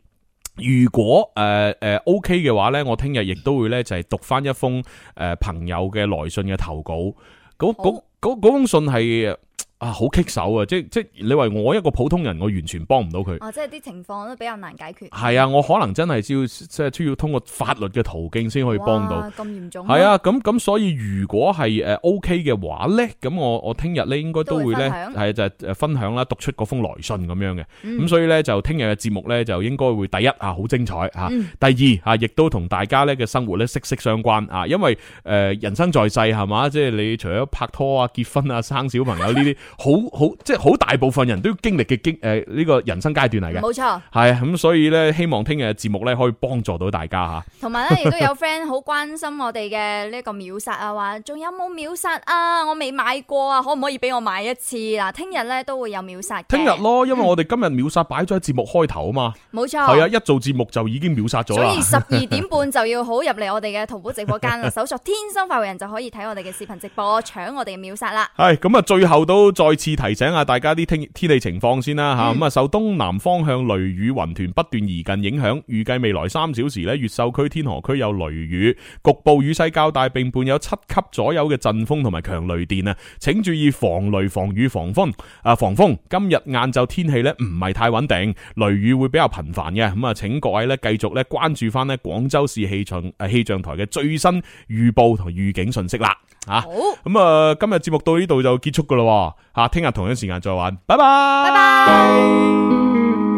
如果誒誒 OK 嘅話咧，我聽日亦都會咧就係讀返一封誒朋友嘅來信嘅投稿。嗰好封信係。啊，好棘手啊！即即你話我一個普通人，我完全幫唔到佢。哦、啊，即係啲情況都比較難解決。係啊，我可能真係要即係需要通過法律嘅途徑先可以幫到。咁嚴重。係啊，咁咁、啊、所以如果係誒 OK 嘅話咧，咁我我聽日咧應該都會咧係就誒分享啦、啊就是，讀出嗰封來信咁樣嘅。咁、嗯、所以咧就聽日嘅節目咧就應該會第一啊好精彩吓，嗯、第二啊亦都同大家咧嘅生活咧息息相關啊，因為誒人生在世係咪，即係、就是、你除咗拍拖啊、結婚啊、生小朋友呢啲。 好好即係好大部分人都經歷嘅經誒呢個人生階段嚟嘅，冇錯係咁，所以咧希望聽日嘅節目咧可以幫助到大家吓。同埋咧亦都有 friend 好關心我哋嘅呢個秒殺啊，話仲 有冇秒殺啊？我未買過啊，可唔可以俾我買一次嗱？聽日咧都會有秒殺。聽日咯，因為我哋今日秒殺擺咗喺節目開頭啊嘛，冇錯係啊，一做節目就已經秒殺咗所以十二點半就要好入嚟我哋嘅淘寶直播間，搜 索天生快活人就可以睇我哋嘅視頻直播搶我哋嘅秒殺啦。係咁啊，最後都。再次提醒下大家啲天天氣情況先啦，吓咁啊，受東南方向雷雨雲團不斷移近影響，預計未來三小時咧，越秀區、天河區有雷雨，局部雨勢較大，並伴有七級左右嘅陣風同埋強雷電啊，請注意防雷、防雨、防風啊，防風。今日晏晝天氣咧唔係太穩定，雷雨會比較頻繁嘅，咁啊，請各位咧繼續咧關注翻咧廣州市氣象氣象台嘅最新預報同預警信息啦。好，咁啊，嗯、今日節目到呢度就結束噶啦，吓，聽日同樣時間再玩，拜拜，拜拜 Bye bye!、嗯。